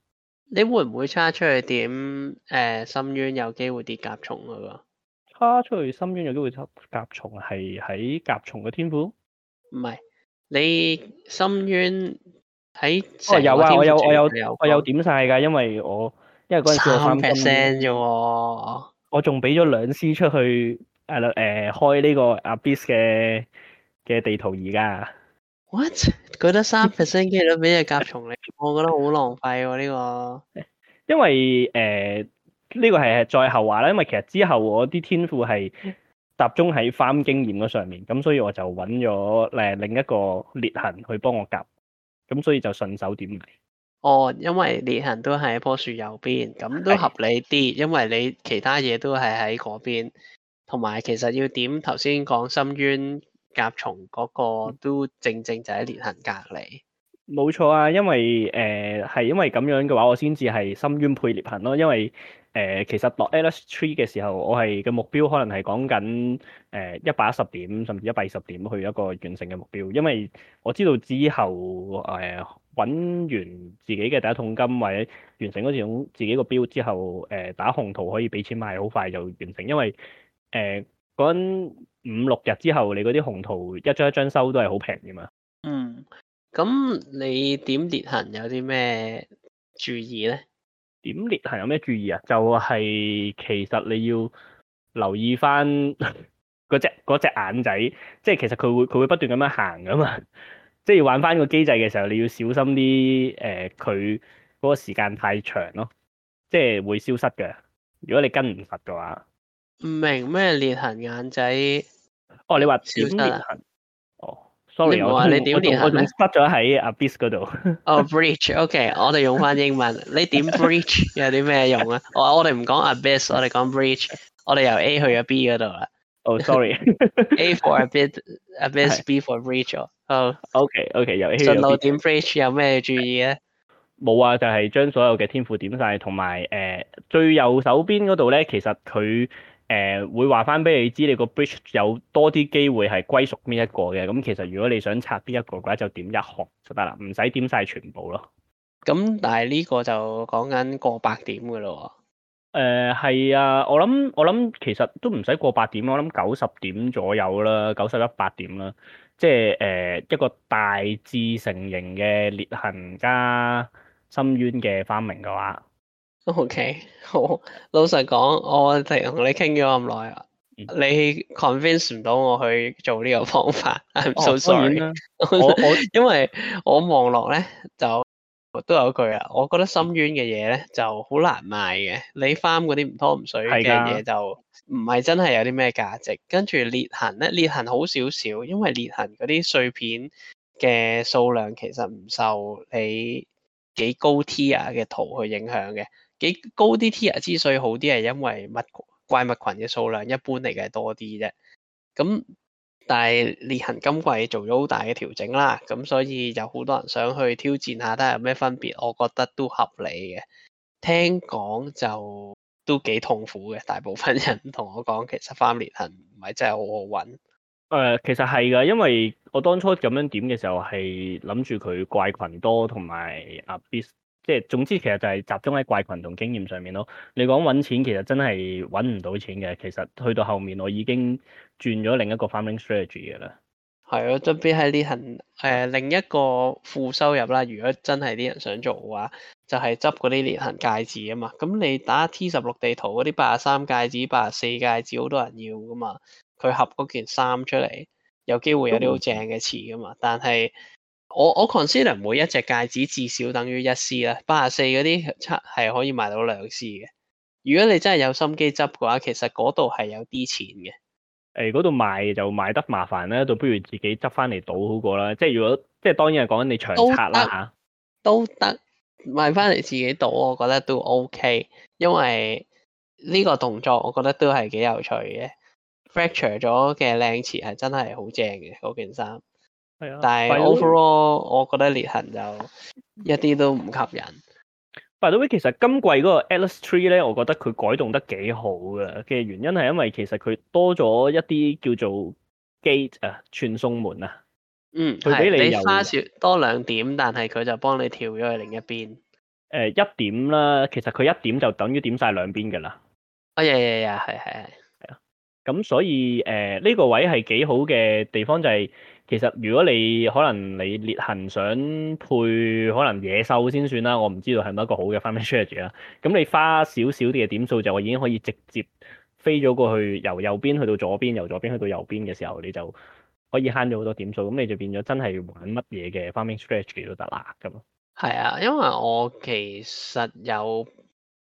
你會唔會差出去點？誒、呃，深淵有機會跌甲蟲啊？花、啊、出去深淵有機會甲蟲，係喺甲蟲嘅天賦？唔係，你深淵喺成、哦、有啊！我有、啊、我有，有我有點晒㗎，因為我因為嗰陣時三 percent 啫，我仲俾咗兩 C 出去誒誒、呃呃、開呢個 Abyss 嘅嘅地圖而家。What？佢得三 percent 機率俾隻甲蟲嚟， 我覺得好浪費喎、啊、呢、呢個。因為誒。呃呢個係係再後話啦，因為其實之後我啲天賦係集中喺翻經驗嗰上面，咁所以我就揾咗誒另一個裂痕去幫我夾，咁所以就順手點嚟。哦，因為裂痕都喺一樖樹右邊，咁都合理啲，是因為你其他嘢都係喺嗰邊，同埋其實要點頭先講深淵夾蟲嗰個都正正就喺裂痕隔離。冇錯啊，因為誒係、呃、因為咁樣嘅話，我先至係深淵配裂痕咯，因為。誒、呃，其實落 Atlas Tree 嘅時候，我係嘅目標可能係講緊誒一百一十點，甚至一百二十點去一個完成嘅目標，因為我知道之後誒揾、呃、完自己嘅第一桶金或者完成嗰種自己個標之後，誒、呃、打紅圖可以俾錢買，好快就完成，因為誒嗰、呃那個、五六日之後，你嗰啲紅圖一張一張收都係好平噶嘛。嗯，咁你點裂痕有啲咩注意咧？點裂痕有咩注意啊？就係、是、其實你要留意翻嗰隻嗰隻眼仔，即係其實佢會佢會不斷咁樣行噶嘛，即係玩翻個機制嘅時候，你要小心啲誒，佢、呃、嗰個時間太長咯，即係會消失嘅。如果你跟唔實嘅話，唔明咩裂痕眼仔？哦，你話點裂痕？當年我啊，你點連？我仲塞咗喺 Abyss 嗰度。哦，Breach，OK，我哋用返英文。你點 Breach 有啲咩用啊？我我哋唔講 Abyss，我哋講 Breach。我哋由 A 去咗 B 嗰度啦。哦，sorry。A for abyss，abyss B for breach。哦，OK，OK，由 A 去 B。進路點 Breach 有咩注意咧？冇啊，就係將所有嘅天賦點晒，同埋誒最右手邊嗰度咧，其實佢。誒、呃、會話翻俾你知，你個 bridge 有多啲機會係歸屬邊一個嘅。咁其實如果你想拆邊一個嘅話，就點一項就得啦，唔使點晒全部咯。咁、嗯、但係呢個就講緊過百點嘅咯喎。誒係、呃、啊，我諗我諗其實都唔使過百點，我諗九十點左右啦，九十一八點啦。即係誒、呃、一個大致成形嘅裂痕加深淵嘅翻明嘅話。O、okay, K，好老實講，我同你傾咗咁耐，mm hmm. 你 convince 唔到我去做呢個方法，數衰 so、oh。 我我 因為我望落咧，就都有一句啊，我覺得深淵嘅嘢咧就好難賣嘅。你翻嗰啲唔多唔水嘅嘢就唔係真係有啲咩價值。的跟住裂痕咧，裂痕好少少，因為裂痕嗰啲碎片嘅數量其實唔受你幾高 tier 嘅圖去影響嘅。幾高啲 tier 之所以好啲係因為乜怪物群嘅數量一般嚟嘅多啲啫，咁但係裂痕今季做咗好大嘅調整啦，咁所以有好多人想去挑戰下，睇下有咩分別，我覺得都合理嘅。聽講就都幾痛苦嘅，大部分人同我講其實翻裂痕唔係真係好好揾。誒，其實係㗎、呃，因為我當初咁樣點嘅時候係諗住佢怪群多同埋啊即係總之，其實就係集中喺怪群同經驗上面咯。你講揾錢，其實真係揾唔到錢嘅。其實去到後面，我已經轉咗另一個 farming strategy 嘅啦。係咯，特別係裂痕誒，另一個副收入啦。如果真係啲人想做嘅話，就係執嗰啲裂痕戒指啊嘛。咁你打 T 十六地圖嗰啲八十三戒指、八十四戒指，好多人要噶嘛。佢合嗰件衫出嚟，有機會有啲好正嘅詞噶嘛。嗯、但係，我我 consider 每一隻戒指至少等於一 c 啦，八十四嗰啲七係可以賣到兩 c 嘅。如果你真係有心機執嘅話，其實嗰度係有啲錢嘅。誒，嗰度賣就賣得麻煩啦，就不如自己執翻嚟賭好過啦。即係如果即係當然係講緊你長拆啦。都得，買翻嚟自己賭。我覺得都 ok。因為呢個動作，我覺得都係幾有趣嘅。fracture 咗嘅靚詞係真係好正嘅嗰件衫。係啊，但係 overall 我覺得裂痕就一啲都唔吸引。By the way，其實今季嗰個 Atlas Tree 咧，我覺得佢改動得幾好嘅。嘅原因係因為其實佢多咗一啲叫做 gate 啊，傳送門啊。嗯，佢俾你加少多兩點，但係佢就幫你跳咗去另一邊。誒、呃，一點啦，其實佢一點就等於點晒兩邊噶啦。哎呀呀呀，係係係，係啊。咁所以誒呢、呃這個位係幾好嘅地方就係、是。其實如果你可能你裂痕想配可能野獸先算啦，我唔知道係咪一個好嘅 farming strategy 啦。咁你花少少啲嘅點數就已經可以直接飛咗過去，由右邊去到左邊，由左邊去到右邊嘅時候，你就可以慳咗好多點數。咁你就變咗真係玩乜嘢嘅 farming strategy 都得啦咁咯。係啊，因為我其實有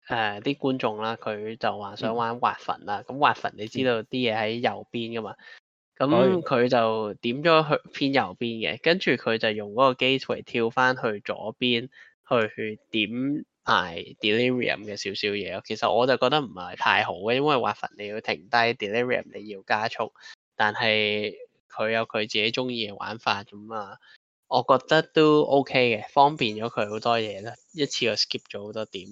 誒啲、呃、觀眾啦，佢就話想玩挖墳啦。咁挖墳你知道啲嘢喺右邊噶嘛？嗯咁佢、嗯、以就點咗去偏右邊嘅，跟住佢就用嗰個 Gateway 跳翻去左邊，去點埋 Delirium 嘅少少嘢咯。其實我就覺得唔係太好嘅，因為挖墳你要停低，Delirium 你要加速，但係佢有佢自己中意嘅玩法咁啊。我覺得都 OK 嘅，方便咗佢好多嘢啦，一次個 skip 咗好多點。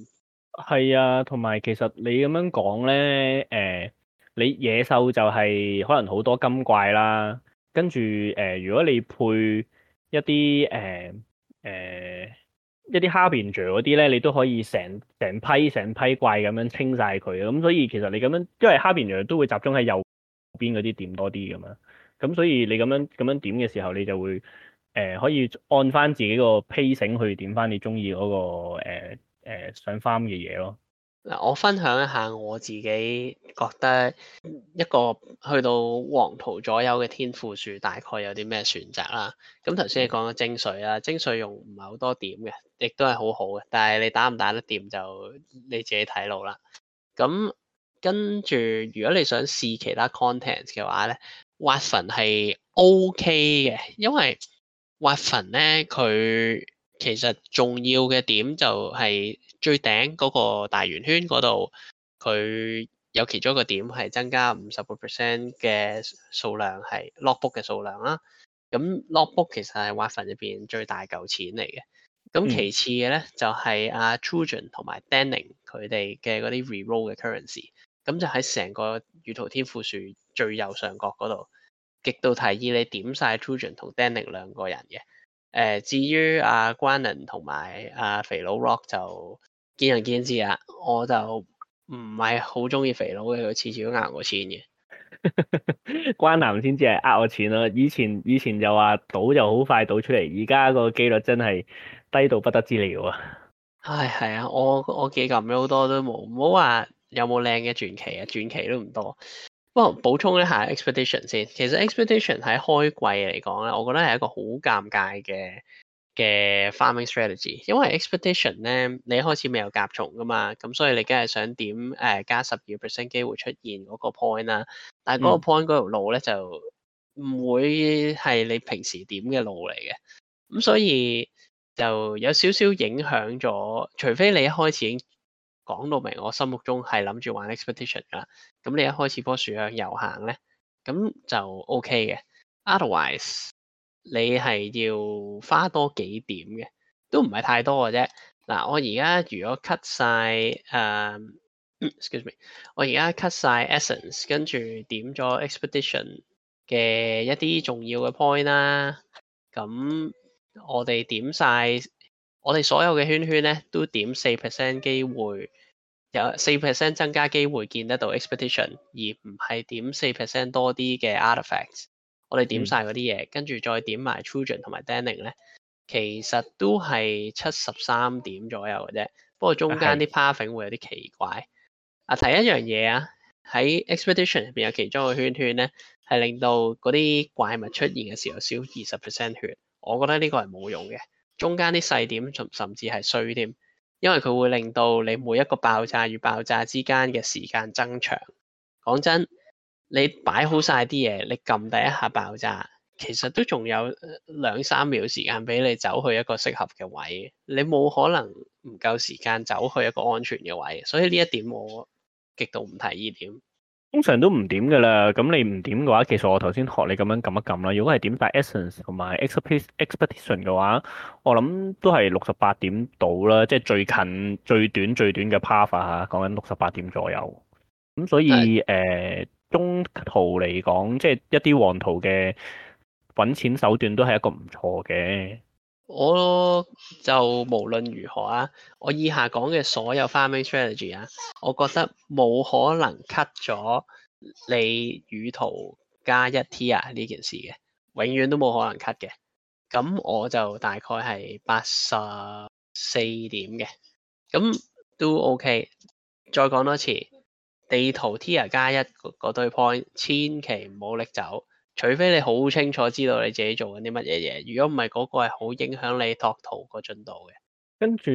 係啊，同埋其實你咁樣講咧，誒、欸、～你野獸就係可能好多金怪啦，跟住誒、呃，如果你配一啲誒誒一啲 Harbinger 嗰啲咧，你都可以成成批成批怪咁樣清晒佢嘅。咁所以其實你咁樣，因為 Harbinger、er、都會集中喺右邊嗰啲點多啲噶嘛，咁所以你咁樣咁樣點嘅時候，你就會誒、呃、可以按翻自己個批醒去點翻你中意嗰個誒誒想翻嘅嘢咯。嗱，我分享一下我自己覺得一個去到黃圖左右嘅天賦樹，大概有啲咩選擇啦。咁頭先你講嘅精髓啦，精髓用唔係好多點嘅，亦都係好好嘅。但係你打唔打得掂就你自己睇路啦。咁跟住，如果你想試其他 content 嘅話咧，挖墳係 OK 嘅，因為挖墳咧佢其實重要嘅點就係、是。最頂嗰個大圓圈嗰度，佢有其中一個點係增加五十個 percent 嘅數量，係 Logbook 嘅數量啦。咁 Logbook 其實係挖礦入邊最大嚿錢嚟嘅。咁其次嘅咧、嗯、就係阿 Trujan 同埋 Danning 佢哋嘅嗰啲 re-roll 嘅 currency。咁 cur 就喺成個輿圖天賦樹最右上角嗰度，極度提議你點曬 Trujan 同 Danning 兩個人嘅。誒、呃，至於阿、啊、關能同埋阿肥佬 Rock 就見仁見智啦。我就唔係好中意肥佬嘅，佢次次都呃 我錢嘅。關能先至係呃我錢啦。以前以前就話賭就好快賭出嚟，而家個機率真係低到不得之了啊！唉，係啊，我我幾撳咗好多都冇，唔好話有冇靚嘅傳奇啊，傳奇都唔多。我補充一下 Expedition 先。其實 Expedition 喺開季嚟講咧，我覺得係一個好尷尬嘅嘅 farming strategy，因為 Expedition 咧，你一開始未有甲蟲噶嘛，咁所以你梗係想點誒、呃、加十二 percent 機會出現嗰個 point 啦。但係嗰個 point 嗰條路咧、嗯、就唔會係你平時點嘅路嚟嘅，咁所以就有少少影響咗。除非你一開始已經。講到明，我心目中係諗住玩 expedition 噶啦。咁你一開始棵樹向右行咧，咁就 OK 嘅。Otherwise，你係要花多幾點嘅，都唔係太多嘅啫。嗱，我而家如果 cut 晒誒，excuse me，我而家 cut 晒 essence，跟住點咗 expedition 嘅一啲重要嘅 point 啦。咁我哋點晒。我哋所有嘅圈圈咧，都點四 percent 機會，有四 percent 增加機會見得到 e x p e d i t i o n 而唔係點四 percent 多啲嘅 artifacts。我哋點晒嗰啲嘢，嗯、跟住再點埋 t r i j a n 同埋 danning 咧，其實都係七十三點左右嘅啫。不過中間啲 p a r t i n g 會有啲奇怪。的啊，提一樣嘢啊，喺 e x p e d i t i o n 入邊有其中一個圈圈咧，係令到嗰啲怪物出現嘅時候少二十 percent 血。我覺得呢個係冇用嘅。中間啲細點，甚至係衰添，因為佢會令到你每一個爆炸與爆炸之間嘅時間增長。講真，你擺好晒啲嘢，你撳第一下爆炸，其實都仲有兩三秒時間俾你走去一個適合嘅位。你冇可能唔夠時間走去一個安全嘅位，所以呢一點我極度唔提呢點。通常都唔點噶啦，咁你唔點嘅話，其實我頭先學你咁樣撳一撳啦。如果係點大 essence 同埋 exp Expedition 嘅話，我諗都係六十八點到啦，即係最近最短最短嘅 path 吓，講緊六十八點左右。咁所以誒是、呃，中途嚟講，即係一啲黃圖嘅搵錢手段都係一個唔錯嘅。我就無論如何啊，我以下講嘅所有 farming strategy 啊，我覺得冇可能 cut 咗你輿圖加一 tier 呢件事嘅，永遠都冇可能 cut 嘅。咁我就大概係八十四點嘅，咁都 OK。再講多次，地圖 tier 加一嗰對 point 千祈唔好拎走。除非你好清楚知道你自己做緊啲乜嘢嘢，如果唔係嗰個係好影響你拓圖個進度嘅。跟住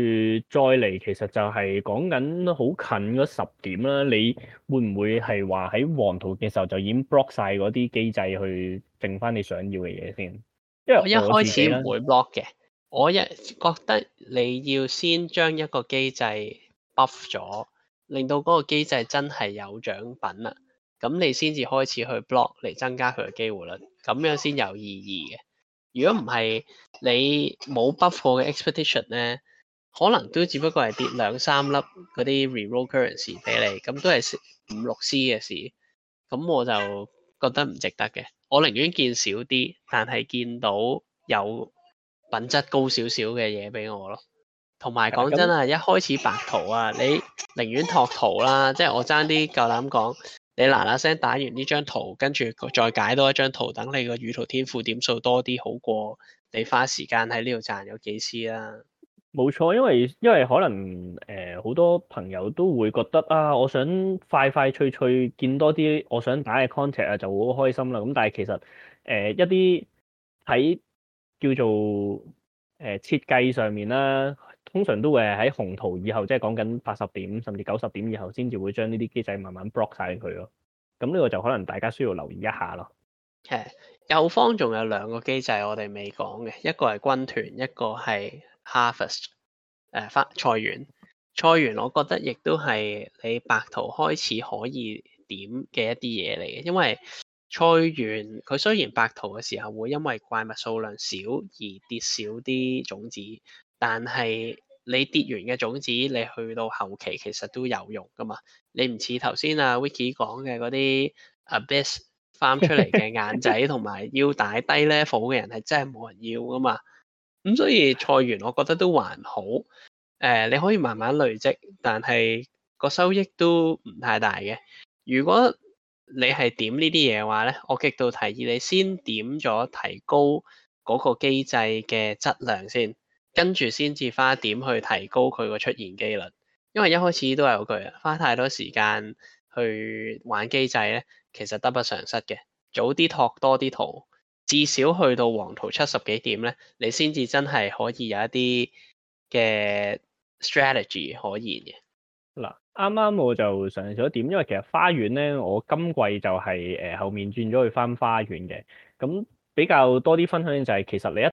再嚟，其實就係講緊好近嗰十點啦，你會唔會係話喺黃圖嘅時候就已經 block 晒嗰啲機制去剩翻你想要嘅嘢先？因為我，我一開始唔會 block 嘅，我一覺得你要先將一個機制 off 咗，令到嗰個機制真係有獎品啦。咁你先至開始去 block 嚟增加佢嘅機會率，咁樣先有意義嘅。如果唔係，你冇 buff 過嘅 expedition 咧，可能都只不過係跌兩三粒嗰啲 re-roll currency 俾你，咁都係五六 c 嘅事。咁我就覺得唔值得嘅。我寧願見少啲，但係見到有品質高少少嘅嘢俾我咯。同埋講真啊，是一開始白圖啊，你寧願拓圖啦、啊，即係我爭啲夠膽講。你嗱嗱聲打完呢張圖，跟住再解多一張圖，等你個輿圖天賦點數多啲，好過你花時間喺呢度賺有幾次啦、啊。冇錯，因為因為可能誒好、呃、多朋友都會覺得啊，我想快快脆脆見多啲，我想打嘅 content 啊就好開心啦。咁但係其實誒、呃、一啲喺叫做誒、呃、設計上面啦。通常都會喺紅圖以後，即係講緊八十點甚至九十點以後，先至會將呢啲機制慢慢 block 晒佢咯。咁呢個就可能大家需要留意一下咯。誒，右方仲有兩個機制我哋未講嘅，一個係軍團，一個係 Harvest 誒、呃、花菜園。菜園我覺得亦都係你白圖開始可以點嘅一啲嘢嚟嘅，因為菜園佢雖然白圖嘅時候會因為怪物數量少而跌少啲種子。但係你跌完嘅種子，你去到後期其實都有用噶嘛。你唔似頭先阿 Wiki 講嘅嗰啲啊 Abyss 翻出嚟嘅眼仔，同埋要帶低 level 嘅人係真係冇人要噶嘛。咁所以菜園我覺得都還好。誒、呃，你可以慢慢累積，但係個收益都唔太大嘅。如果你係點呢啲嘢嘅話咧，我極度提議你先點咗提高嗰個機制嘅質量先。跟住先至花點去提高佢個出現機率，因為一開始都有佢啊。花太多時間去玩機制咧，其實得不償失嘅。早啲拓多啲圖，至少去到黃圖七十幾點咧，你先至真係可以有一啲嘅 strategy 可言嘅。嗱，啱啱我就嘗試咗點，因為其實花園咧，我今季就係誒後面轉咗去返花園嘅。咁比較多啲分享就係其實你一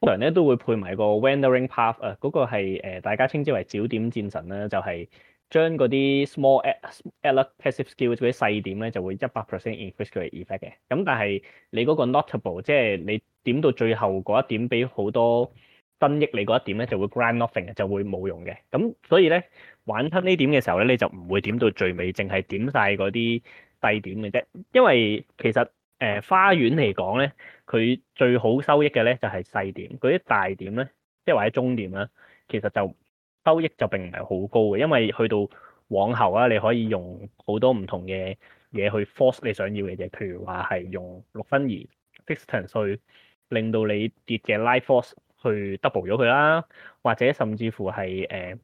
通常咧都會配埋個 Wandering Path 啊，嗰、那個係、呃、大家稱之為小點戰神咧，就係將嗰啲 small atlas passive skills 嗰啲細點咧就會一百 percent increase 佢 effect 嘅。咁但係你嗰個 notable，即係你點到最後嗰一點，俾好多分益你嗰一點咧就會 grant nothing，就會冇用嘅。咁所以咧玩出呢點嘅時候咧，你就唔會點到最尾，淨係點晒嗰啲低點嘅啫。因為其實誒、呃、花園嚟講咧。佢最好收益嘅咧就係、是、細點，嗰啲大點咧，即係或者中點啦，其實就收益就並唔係好高嘅，因為去到往後啊，你可以用好多唔同嘅嘢去 force 你想要嘅嘢，譬如話係用六分儀 sixten 去令到你跌嘅 life force 去 double 咗佢啦，或者甚至乎係誒、呃、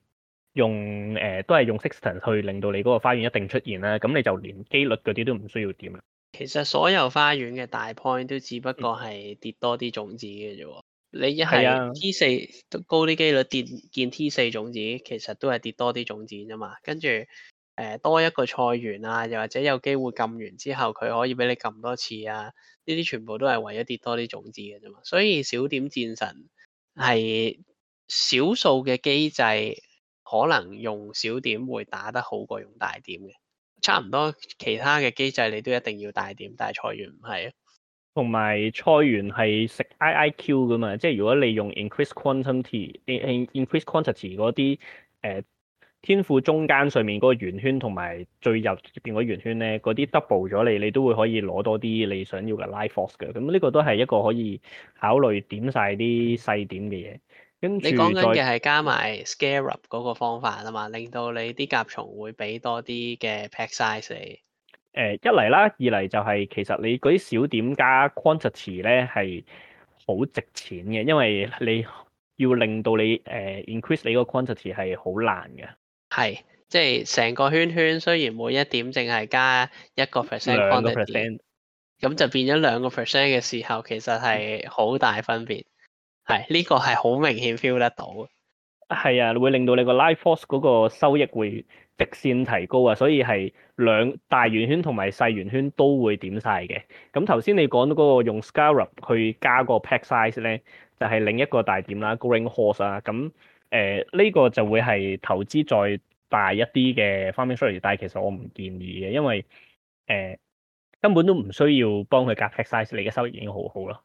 用誒、呃、都係用 sixten 去令到你嗰個花園一定出現啦，咁你就連機率嗰啲都唔需要點啦。其實所有花園嘅大 point 都只不過係跌多啲種子嘅啫。嗯，你一係 T 四高啲機率跌見 T 四種子，其實都係跌多啲種子啫嘛。跟住誒多一個菜園啊，又或者有機會撳完之後佢可以俾你撳多次啊，呢啲全部都係為咗跌多啲種子嘅啫嘛。所以小點戰神係少數嘅機制，可能用小點會打得好過用大點嘅。差唔多，其他嘅機制你都一定要大點，但係菜園唔係啊。同埋菜園係食 I I Q 噶嘛，即係如果你用 inc t, in, Increase Quantity Increase Quantity 嗰啲誒天賦中間上面嗰個圓圈，同埋最入邊嗰個圓圈咧，嗰啲 double 咗你，你都會可以攞多啲你想要嘅 Life Force 嘅。咁呢個都係一個可以考慮點晒啲細點嘅嘢。你講緊嘅係加埋 scarab 嗰個方法啊嘛，令到你啲甲蟲會俾多啲嘅 pack size。你、呃。誒一嚟啦，二嚟就係其實你啲小點加 quantity 咧係好值錢嘅，因為你要令到你誒、呃、increase 你個 quantity 係好難嘅。係，即係成個圈圈，雖然每一點淨係加一個 percent，兩個 percent，咁就變咗兩個 percent 嘅時候，其實係好大分別。係呢，這個係好明顯 feel 得到，係啊，會令到你個 Life Force 嗰個收益會直線提高啊，所以係兩大圓圈同埋細圓圈都會點晒嘅。咁頭先你講到嗰個用 Scarab 去加個 pack size 咧，就係、是、另一個大點啦，green horse 啦，啊。咁誒呢個就會係投資再大一啲嘅 farming strategy，但係其實我唔建議嘅，因為誒、呃、根本都唔需要幫佢加 pack size，你嘅收益已經好好咯。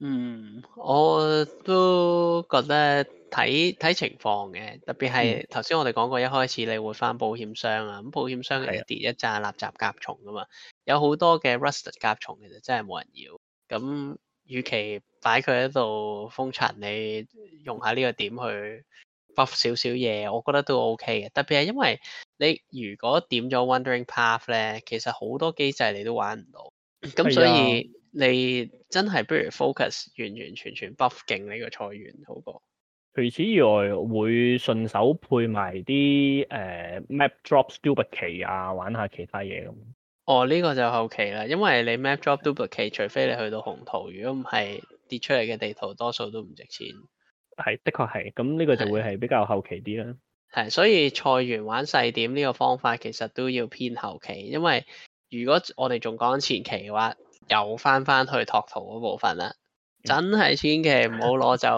嗯，我都覺得睇睇情況嘅，特別係頭先我哋講過，一開始你會返保險箱啊，咁保險箱係一疊一紮垃圾甲蟲噶嘛，有好多嘅 rusted 甲蟲其實真係冇人要，咁與其擺佢喺度封塵，你用下呢個點去 buff 少少嘢，我覺得都 OK 嘅，特別係因為你如果點咗 Wandering Path 咧，其實好多機制你都玩唔到，咁所以。你真係不如 focus 完完全全北 u 呢個菜園好過。除此以外，會順手配埋啲誒 map drop s t u p l i c a 啊，玩下其他嘢咁。哦，呢、這個就後期啦，因為你 map drop s t u p l i c a 除非你去到紅圖，如果唔係跌出嚟嘅地圖，多數都唔值錢。係，的確係。咁呢個就會係比較後期啲啦。係，所以菜園玩細點呢個方法其實都要偏後期，因為如果我哋仲講前期嘅話。又翻翻去拓圖嗰部分啦，真係千祈唔好攞走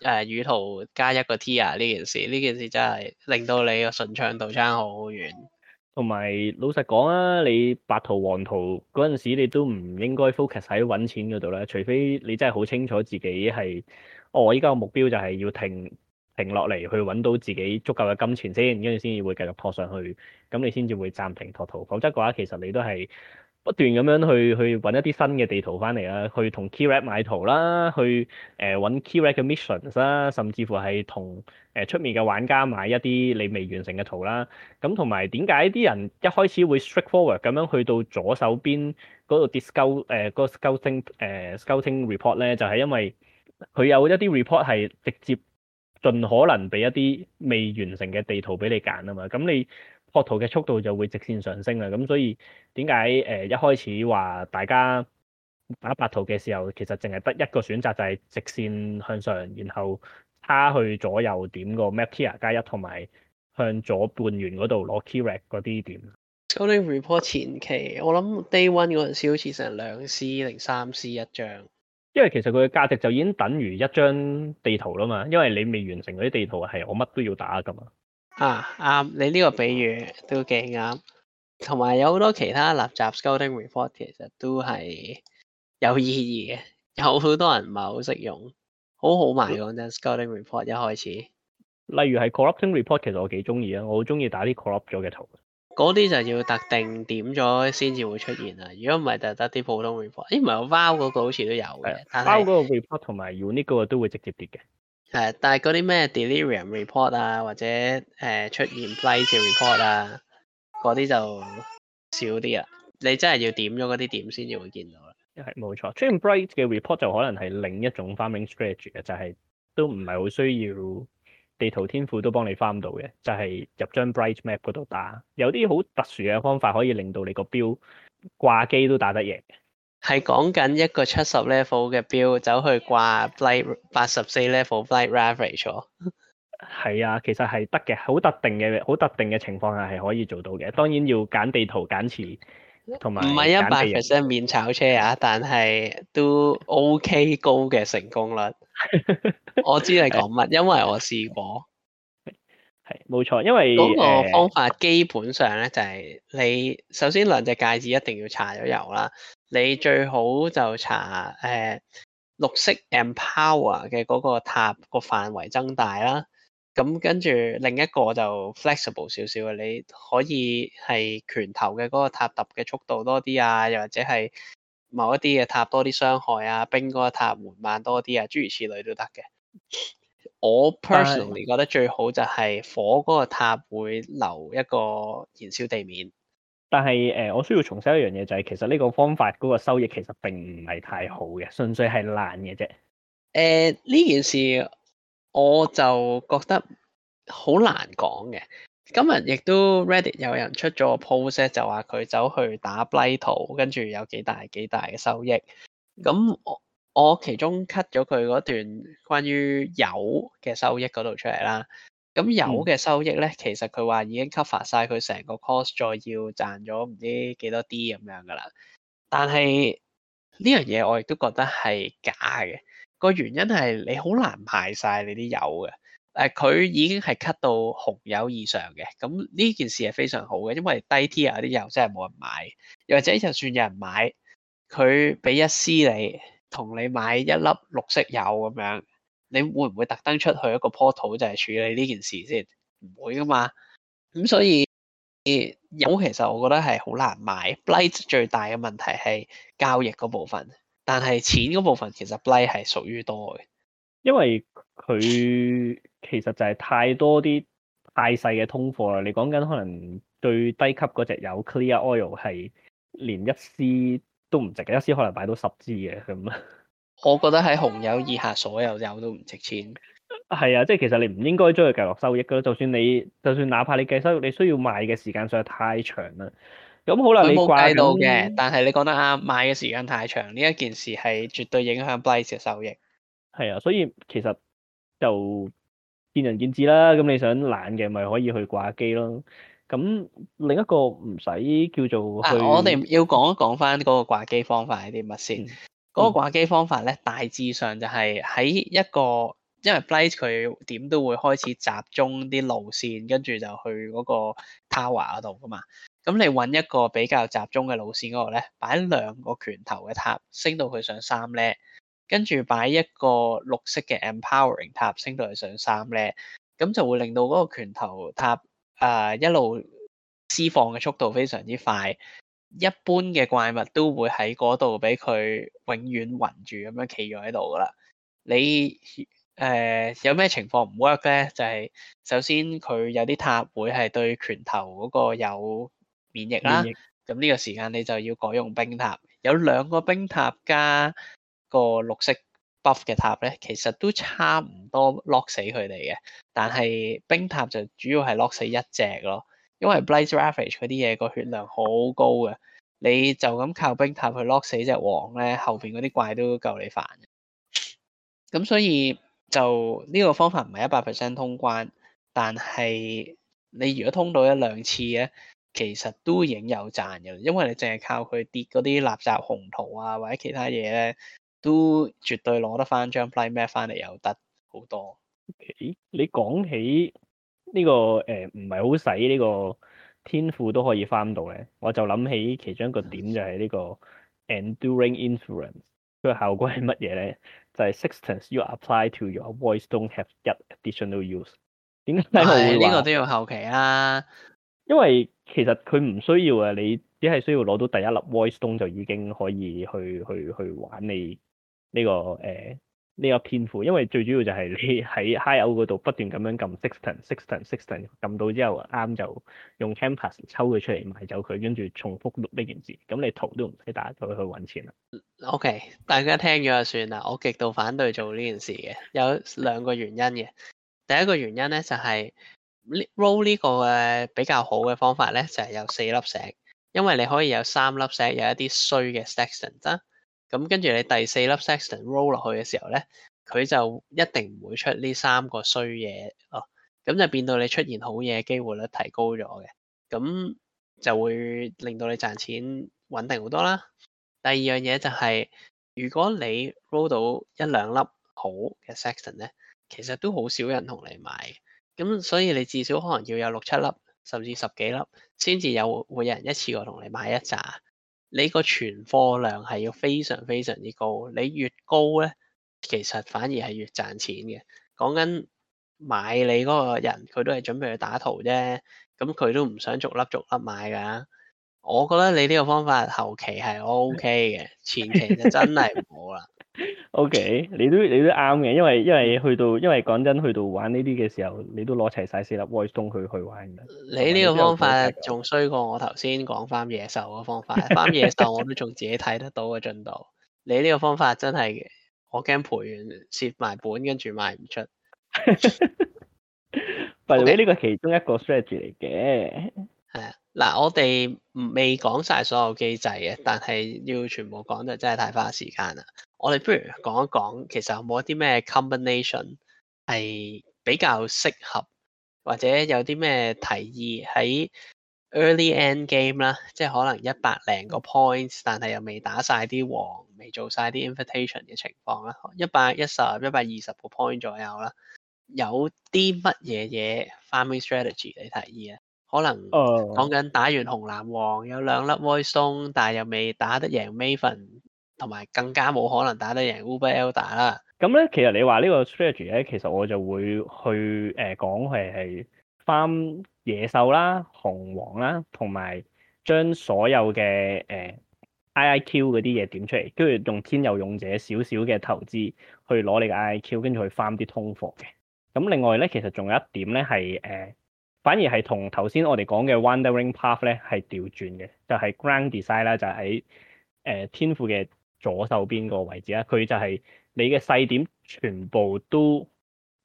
誒輿圖加一個 T 啊！呢件事，呢件事真係令到你嘅順暢度差好遠。同埋老實講啊，你白圖黃圖嗰陣時，你都唔應該 focus 喺揾錢嗰度咧。除非你真係好清楚自己係，哦，依家個目標就係要停停落嚟去揾到自己足夠嘅金錢先，跟住先至會繼續拓上去。咁你先至會暫停拓圖，否則嘅話，其實你都係。不斷咁樣去去揾一啲新嘅地圖翻嚟啦，去同 Kirac 買圖啦，去誒揾 Kirac 嘅 missions 啦，甚至乎係同誒出面嘅玩家買一啲你未完成嘅圖啦。咁同埋點解啲人一開始會 straightforward 咁樣去到左手邊嗰個 disco 誒嗰 scouting、呃、sc 誒、呃、scouting report 咧？就係、是、因為佢有一啲 report 係直接盡可能俾一啲未完成嘅地圖俾你揀啊嘛。咁你。拓圖嘅速度就會直線上升啊！咁所以點解誒一開始話大家打白，白圖嘅時候，其實淨係得一個選擇就係直線向上，然後叉去左右點個 map tier 加一，同埋向左半圓嗰度攞 key rack 嗰啲點。s c a l report 前期我諗 day one 嗰陣時好似成兩 c 零三 c 一張，因為其實佢嘅價值就已經等於一張地圖啦嘛，因為你未完成嗰啲地圖係我乜都要打㗎嘛。啊啱、啊，你呢個比喻都幾啱，同埋有好多其他垃圾 scouting report 其實都係有意義嘅，有好多人唔係好識用，好好埋講真，scouting report 一開始。例如係 corrupting report 其實我幾中意啊，我好中意打啲 corrupt 咗嘅圖。嗰啲就要特定點咗先至會出現啊，如果唔係就得啲普通 report。咦？唔係我包嗰個好似都有嘅，但係包嗰個 report 同埋 unique 嗰個都會直接跌嘅。係，但係嗰啲咩 delirium report 啊，或者誒、呃、出現 blight 嘅 report 啊，嗰啲就少啲啊。你真係要點咗嗰啲點先至會見到啦。係冇錯，出現 blight 嘅 report 就可能係另一種 farming strategy 嘅，就係、是、都唔係好需要地圖天賦都幫你 farm 到嘅，就係、是、入張 blight map 度打。有啲好特殊嘅方法可以令到你個 build 掛機都打得贏。係講緊一個七十 level 嘅標走去掛 flight 八十四 level flight average 咯。係啊，其實係得嘅，好特定嘅，好特定嘅情況下係可以做到嘅。當然要揀地圖揀詞，同埋唔係一百 percent 免炒車啊，但係都 OK 高嘅成功率。 我知你講乜，因為我試過係冇 錯，因為嗰個方法基本上咧就係、是呃、你首先兩隻戒指一定要搽咗油啦。你最好就查誒、呃、綠色 Empower 嘅嗰個塔個範圍增大啦，咁跟住另一個就 Flexible 少少嘅，你可以係拳頭嘅嗰個塔揼嘅速度多啲啊，又或者係某一啲嘅塔多啲傷害啊，冰嗰個塔緩慢多啲啊，諸如此類都得嘅。我 Personally 是覺得最好就係火嗰個塔會留一個燃燒地面。但係誒、呃，我需要重申一樣嘢，就是，就係其實呢個方法嗰個收益其實並唔係太好嘅，純粹係爛嘅啫。誒呢、呃、件事我就覺得好難講嘅。今日亦都 Reddit 有人出咗個 post 就話佢走去打 Blight 圖，跟住有幾大幾大嘅收益。咁我我其中 cut 咗佢嗰段關於有嘅收益嗰度出嚟啦。咁有嘅收益咧，其實佢話已經 cover 晒佢成個 cost，再要賺咗唔知幾多啲咁樣噶啦。但係呢樣嘢我亦都覺得係假嘅。個原因係你好難排晒你啲油嘅。誒，佢已經係 cut 到紅油以上嘅。咁呢件事係非常好嘅，因為低 T 啊啲油真係冇人買，又或者就算有人買，佢俾一 c 你，同你買一粒綠色油咁樣。你會唔會特登出去一個 portal 就係處理呢件事先？唔會噶嘛。咁所以油其實我覺得係好難賣。Blight 最大嘅問題係交易嗰部分，但係錢嗰部分其實 Blight 係屬於多嘅，因為佢其實就係太多啲太細嘅通貨啦。你講緊可能最低級嗰隻油 Clear Oil 係連一絲都唔值嘅，一絲可能擺到十支嘅咁。我覺得喺紅油以下，所有油都唔值錢。係啊，即係其實你唔應該將佢計落收益噶啦。就算你，就算哪怕你計收益，你需要賣嘅時間實在太長啦。咁好啦，你怪到嘅，但係你講得啱，賣嘅時間太長呢一件事係絕對影響 Blight 嘅收益。係啊，所以其實就見仁見智啦。咁你想懶嘅，咪可以去掛機咯。咁另一個唔使叫做去、啊，我哋要講一講翻嗰個掛機方法係啲乜先。 嗰個掛機方法咧，大致上就係喺一個，因為 Blight 佢點都會開始集中啲路線，跟住就去嗰個 Tower 嗰度噶嘛。咁你揾一個比較集中嘅路線嗰個咧，擺兩個拳頭嘅塔，升到佢上三咧，跟住擺一個綠色嘅 Empowering 塔，升到佢上三咧，咁就會令到嗰個拳頭塔誒、呃、一路釋放嘅速度非常之快。一般嘅怪物都會喺嗰度俾佢永遠暈住咁樣企咗喺度噶啦。你誒、呃、有咩情況唔 work 咧？就係、是、首先佢有啲塔會係對拳頭嗰個有免疫啦。咁呢疫個時間你就要改用冰塔。有兩個冰塔加個綠色 buff 嘅塔咧，其實都差唔多 lock 死佢哋嘅。但係冰塔就主要係 lock 死一隻咯。因為 Blight Ravaged 嗰啲嘢個血量好高嘅，你就咁靠冰塔去 lock 死隻王咧，後邊嗰啲怪都夠你煩。咁所以就呢個方法唔係一百 percent 通關，但係你如果通到一兩次咧，其實都已經有賺嘅，因為你淨係靠佢跌嗰啲垃圾紅圖啊，或者其他嘢咧，都絕對攞得翻張 Blight Map 翻嚟又得好多。O.K. 你講起。呢、這個誒唔係好使呢個天賦都可以翻到咧，我就諗起其中一個點就係呢個 Enduring Influence 佢個效果係乜嘢咧？就係 Sextants you apply to your Voidstones have get additional use。點解係呢個都要後期啊？因為其實佢唔需要啊，你只係需要攞到第一粒 Voidstone 就已經可以去去去玩你呢、這個誒。呃呢個偏負，因為最主要就係你喺 hideout 嗰度不斷咁樣撳 sextant，sextant，sextant，撳到之後啱就用 compass 抽佢出嚟賣走佢，跟住重複錄呢件事，咁你圖都唔使打就去去揾錢啦。O.K. 大家聽咗就算啦，我極度反對做呢件事嘅，有兩個原因嘅。第一個原因咧就係、是、roll 呢個嘅比較好嘅方法咧就係、是、有四粒石，因為你可以有三粒石有一啲衰嘅 section。咁跟住你第四粒 sextant roll 落去嘅時候咧，佢就一定唔會出呢三個衰嘢哦，咁就變到你出現好嘢機會率提高咗嘅，咁就會令到你賺錢穩定好多啦。第二樣嘢就係，如果你 roll 到一兩粒好嘅 sextant 咧，其實都好少人同你買嘅，咁所以你至少可能要有六七粒，甚至十幾粒，先至有會有人一次過同你買一扎。你個存貨量係要非常非常之高的，你越高咧，其實反而係越賺錢嘅。講緊買你嗰個人，佢都係準備去打圖啫，咁佢都唔想逐粒逐粒買㗎。我覺得你呢個方法後期係 OK 嘅，前期就真係唔好啦。 O.K. 你都你都啱嘅，因為因為去到因為講真去到玩呢啲嘅時候，你都攞齊晒四粒 Voidstone 去去玩嘅。你呢個方法仲衰過我頭先講翻野獸嘅方法，翻 野獸我都仲自己睇得到個進度。你呢個方法真係，我驚賠完蝕埋本，跟住賣唔出。你呢 But Okay. 個其中一個 strategy 嚟嘅，係嗱，我哋未講晒所有機制嘅，但係要全部講就真係太花時間啦。我哋不如講一講，其實有冇一啲咩 combination 係比較適合，或者有啲咩提議喺 early end game 啦，即係可能一百零個 points，但係又未打晒啲王，未做晒啲 invitation 嘅情況啦，一百一十、一百二十個 point 左右啦，有啲乜嘢嘢 farming strategy 你提議啊？可能講緊打完紅藍王有兩粒 Voidstone，但係又未打得贏 Maven 同埋更加冇可能打得贏 Uber Elder 打啦。咁咧，其實你話呢個 strategy 咧，其實我就會去誒、呃、講係係翻野獸啦、紅王啦，同埋將所有嘅誒、呃、IIQ 嗰啲嘢點出嚟，跟住用天佑勇者少少嘅投資去攞你嘅 IIQ，跟住去翻啲通貨嘅。咁另外咧，其實仲有一點咧係誒，反而係同頭先我哋講嘅 Wandering Path 咧係調轉嘅，就係、是、Ground Design 啦，就喺誒天賦嘅。左手邊個位置啦，佢就係你嘅細點，全部都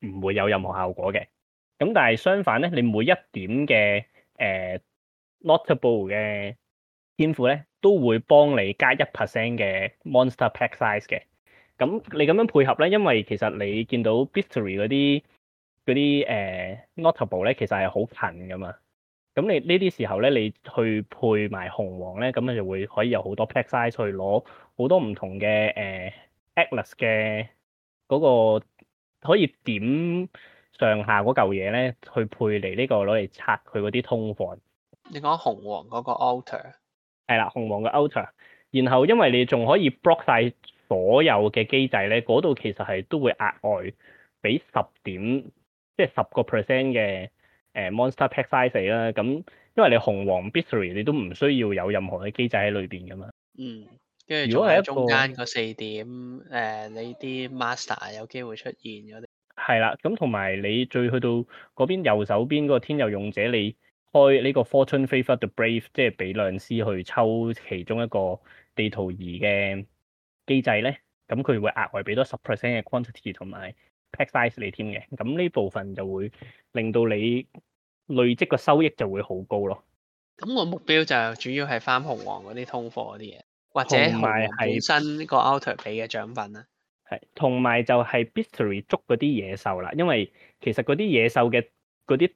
唔會有任何效果嘅。咁但係相反咧，你每一點嘅誒、呃、notable 嘅天賦咧，都會幫你加一 percent 嘅 monster pack size 嘅。咁你咁樣配合咧，因為其實你見到 Beastiary 嗰啲啲誒、呃、notable 咧，其實係好近㗎嘛。咁你呢啲時候咧，你去配埋紅黃咧，咁你就會可以有好多 pack size 去攞好多唔同嘅誒、呃、Atlas 嘅嗰、嗰個可以點上下嗰嚿嘢咧，去配嚟呢、呢個攞嚟拆佢嗰啲通貨。你講紅黃嗰個 altar？係啦，紅黃嘅 altar。然後因為你仲可以 block 晒所有嘅機制咧，嗰度其實係都會額外俾十點，即係十個 percent 嘅。誒 monster pack size 啦，咁因為你紅黃 bistury 你都唔需要有任何嘅機制喺裏邊噶嘛。嗯，跟住如果係中間嗰四點，誒、呃、你啲 master 有機會出現嗰啲。係啦，咁同埋你最去到嗰邊右手邊嗰個天佑勇者，你開呢個 fortune favoured the brave，即係俾兩絲去抽其中一個地圖儀嘅機制咧，咁佢會額外俾多十 percent 嘅 quantity 同埋。pack size 嚟添嘅，咁呢部分就會令到你累積嘅收益就會好高咯。咁我目標就主要係翻紅黃嗰啲通貨嗰啲嘢，或者本身個 outer 俾嘅獎品啦。係、就是，同埋就係 Beastiary 捉嗰啲野獸啦，因為其實嗰啲野獸嘅嗰啲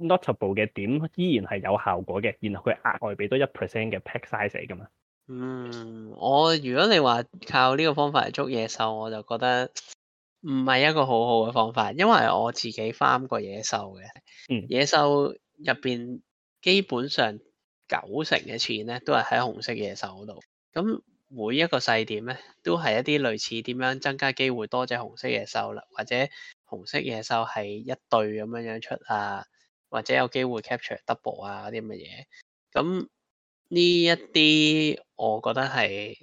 notable 嘅點依然係有效果嘅，然後佢額外俾多一 percent 嘅 pack size 嚟㗎嘛。嗯，我如果你話靠呢個方法嚟捉野獸，我就覺得，唔係一個好好嘅方法，因為我自己翻過野獸嘅，嗯、野獸入邊基本上九成嘅錢咧都係喺紅色野獸度。咁每一個細點咧都係一啲類似點樣增加機會多隻紅色野獸啦，或者紅色野獸係一對咁樣出啊，或者有機會 capture double 啊嗰啲乜嘢。咁呢一啲我覺得係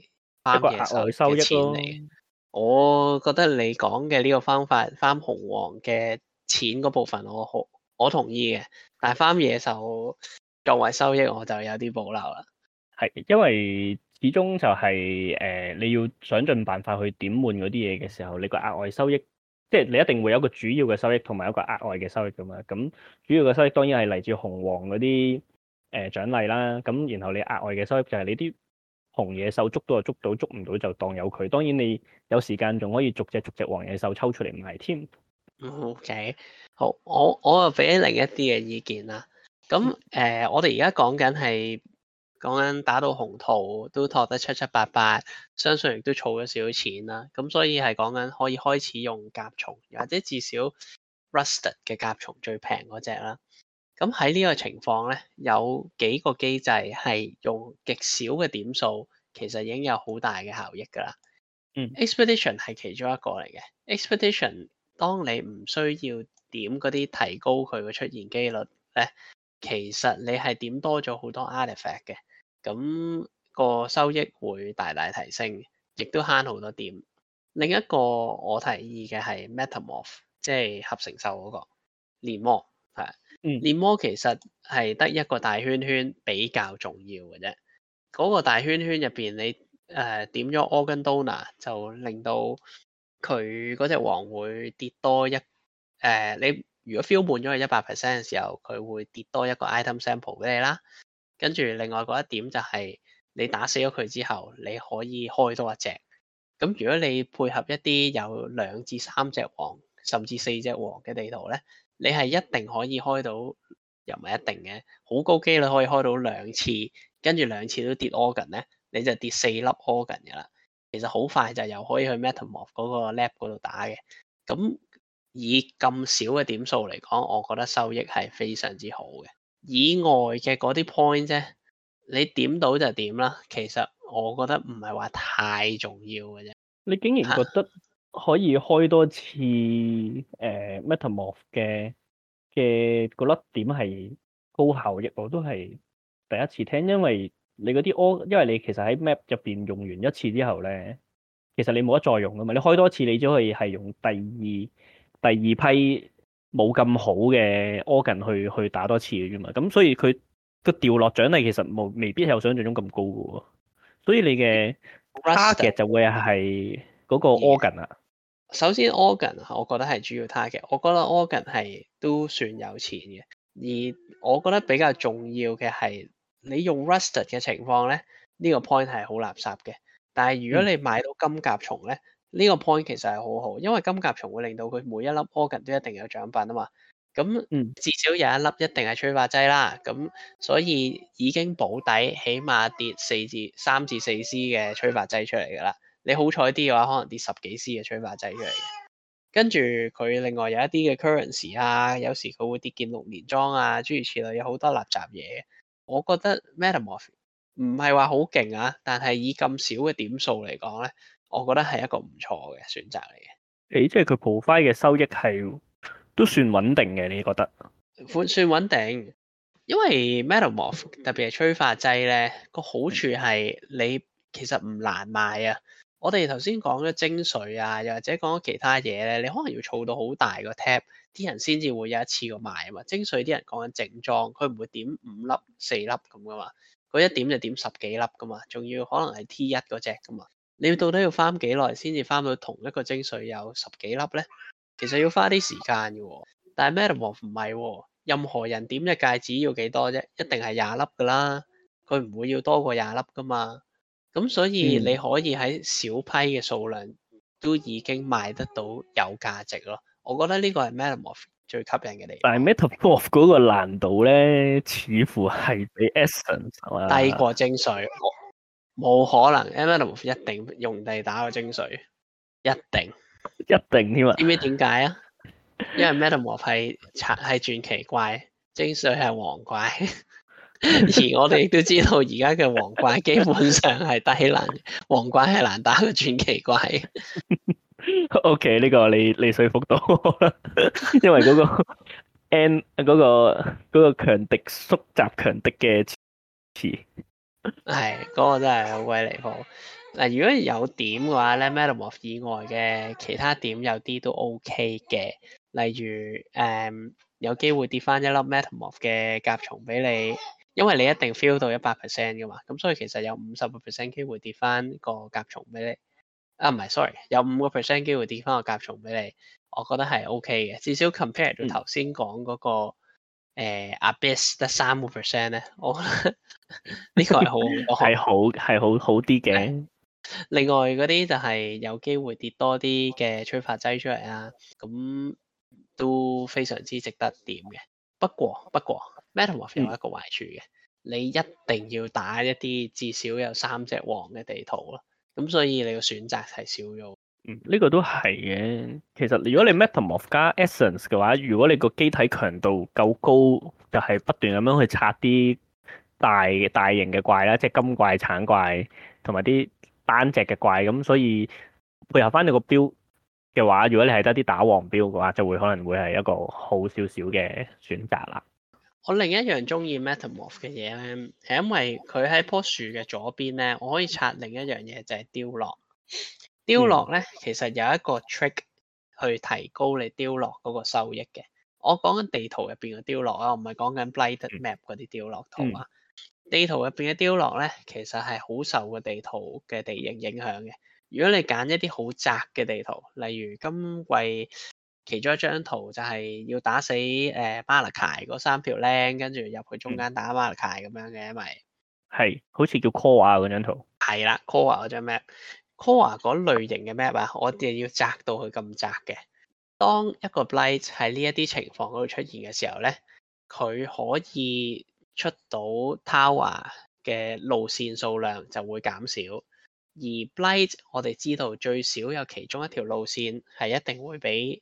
翻野獸收錢嚟。我覺得你講嘅呢個方法翻紅黃嘅錢嗰部分我，我好我同意嘅。但係翻野獸作為收益，我就有啲保留啦。係，因為始終就係、是、誒、呃，你要想盡辦法去點換嗰啲嘢嘅時候，你個額外收益，即係你一定會有個主要嘅收益同埋一個額外嘅收益噶嘛。咁主要嘅收益當然係嚟自紅黃嗰啲誒獎勵啦。咁然後你額外嘅收益就係你啲。紅野獸捉到就捉到，捉唔到就當有佢。當然你有時間仲可以逐隻逐隻黃野獸抽出嚟賣添。O.K. 好，我我又俾另一啲嘅意見啦。咁誒、呃，我哋而家講緊係講緊打到紅圖都拓得七七八八，相信亦都儲咗少少錢啦。咁所以係講緊可以開始用甲蟲，或者至少 Rusted 嘅甲蟲最平嗰隻啦。咁喺呢個情況咧，有幾個機制係用極少嘅點數，其實已經有好大嘅效益㗎啦。嗯 Expedition 係其中一個嚟嘅。Expedition 當你唔需要點嗰啲提高佢嘅出現機率咧，其實你係點多咗好多 artifact 嘅，咁、個收益會大大提升，亦都慳好多點。另一個我提議嘅係 metamorph，即係合成獸嗰、個鍊魔，係。嗯，鍊魔其實係得一個大圈圈比較重要嘅啫。嗰、那個大圈圈入邊，你、呃、誒點咗 organ donor 就令到佢嗰隻王會跌多一誒、呃。你如果 feel 滿咗係一百 percent 嘅時候，佢會跌多一個 item sample 俾你啦。跟住另外嗰一,一點就係、是、你打死咗佢之後，你可以開多一隻。咁如果你配合一啲有兩至三隻王，甚至四隻王嘅地圖咧。你係一定可以開到，又唔係一定嘅。好高機率可以開到兩次，跟住兩次都跌 organ 咧，你就跌四粒 organ 嘅啦。其實好快就又可以去 metamorph 嗰個 lab 嗰度打嘅。咁以咁少嘅點數嚟講，我覺得收益係非常之好嘅。以外嘅嗰啲 point 啫，你點到就點啦。其實我覺得唔係話太重要嘅啫。你竟然覺得、啊？可以開多次誒，metamorph 嘅嘅個粒點係高效亦，我都係第一次聽，因為你嗰啲 organ 因為你其實喺 map 入邊用完一次之後咧，其實你冇得再用噶嘛，你開多次你只可以係用第二第二批冇咁好嘅 organ 去去打多次嘅啫嘛，咁所以佢個掉落獎勵其實冇未必係我想象中咁高嘅喎，所以你嘅 target 就會係嗰個 organ 啊。首先 organ 我覺得係主要 target。我覺得 organ 係都算有錢嘅。而我覺得比較重要嘅係你用 rusted 嘅情況咧，呢個 point 係好垃圾嘅。但係如果你買到金甲蟲咧，呢個 point 其實係好好，因為金甲蟲會令到佢每一粒 organ 都一定有獎品啊嘛。咁嗯，至少有一粒一定係催化劑啦。咁所以已經保底，起碼跌四至三至四 c 嘅催化劑出嚟㗎啦。你好彩啲嘅話，可能跌十幾絲嘅催化劑出嚟，跟住佢另外有一啲嘅 currency 啊，有時佢會跌見六年裝啊，諸如此類，有好多垃圾嘢。我覺得 Metamorph 唔係話好勁啊，但係以咁少嘅點數嚟講咧，我覺得係一個唔錯嘅選擇嚟嘅。誒、欸，即係佢 provide 嘅收益係都算穩定嘅，你覺得？算穩定，因為 Metamorph 特別係催化劑咧，個 好處係你其實唔難賣啊。我哋頭先講咗精髓啊，又或者講咗其他嘢咧，你可能要儲到好大個 tap，啲人先至會有一次過買啊嘛。精髓啲人講緊整裝，佢唔會點五粒四粒咁噶嘛，佢一點就點十幾粒噶嘛，仲要可能係 T 一嗰隻噶嘛。你要到底要翻幾耐先至翻到同一個精髓有十幾粒咧？其實要花啲時間嘅、啊，但係 Metamorph 唔係喎、啊，任何人點一戒指要幾多啫？一定係廿粒噶啦，佢唔會要多過廿粒噶嘛。咁所以你可以喺少批嘅數量都已經賣得到有價值咯，我覺得呢個係 Metamorph 最吸引嘅地方。但係 Metamorph 嗰個難度咧，似乎係比 Essence 低過精髓。冇可能 Metamorph 一定用地打個精髓，一定一定添啊！知唔知點解啊？因為 Metamorph 係殘係傳奇怪，精髓係黃怪。 而我哋亦都知道，而家嘅皇冠基本上係低難，皇冠係難打嘅傳奇怪。O K，呢個你你說服到 因為嗰、那個 N 嗰、那個嗰、那個強敵縮集強敵嘅詞係嗰個真係好鬼離譜。嗱，如果有點嘅話咧，Metamorph 以外嘅其他點有啲都 O K 嘅，例如誒、嗯、有機會跌翻一粒 Metamorph 嘅甲蟲俾你。因為你一定 feel 到一百 percent 噶嘛，咁所以其實有五十個 percent 機會跌翻個甲蟲俾你，啊唔係，sorry，有五個 percent 機會跌翻個甲蟲俾你，我覺得係 ok 嘅，至少 compare 到頭先講嗰個誒 abyss 得三個 percent 咧，我覺得 呢個係好係 好係 好好啲嘅。另外嗰啲就係有機會跌多啲嘅催化劑出嚟啊，咁都非常之值得點嘅。不過，不過。Metamorph 有一個壞處嘅，嗯、你一定要打一啲至少有三隻黃嘅地圖咯，咁所以你個選擇係少咗。嗯，呢、這個都係嘅。其實如果你 Metamorph 加 Essence 嘅話，如果你個機體強度夠高，就係、是、不斷咁樣去拆啲大大型嘅怪啦，即係金怪、橙怪同埋啲單隻嘅怪，咁所以配合翻你個標嘅話，如果你係得啲打黃標嘅話，就會可能會係一個好少少嘅選擇啦。我另一樣中意 Metamorph 嘅嘢咧，係因為佢喺棵樹嘅左邊咧，我可以拆另一樣嘢就係、是、凋落。凋落咧，其實有一個 trick 去提高你凋落嗰個收益嘅。我講緊地圖入邊嘅凋落啊，唔係講緊 Blight Map 嗰啲凋落圖啊。地圖入邊嘅凋落咧，其實係好受個地圖嘅地形影響嘅。如果你揀一啲好窄嘅地圖，例如今季。其中一張圖就係要打死巴馬勒凱嗰三條僆，跟住入去中間打馬勒凱咁樣嘅，因為係好似叫 Core 啊嗰張圖係啦，Core 嗰張 map，Core 嗰類型嘅 map 啊，我哋要窄到佢咁窄嘅。當一個 Blight 喺呢一啲情況嗰度出現嘅時候咧，佢可以出到 Tower 嘅路線數量就會減少，而 Blight 我哋知道最少有其中一條路線係一定會俾。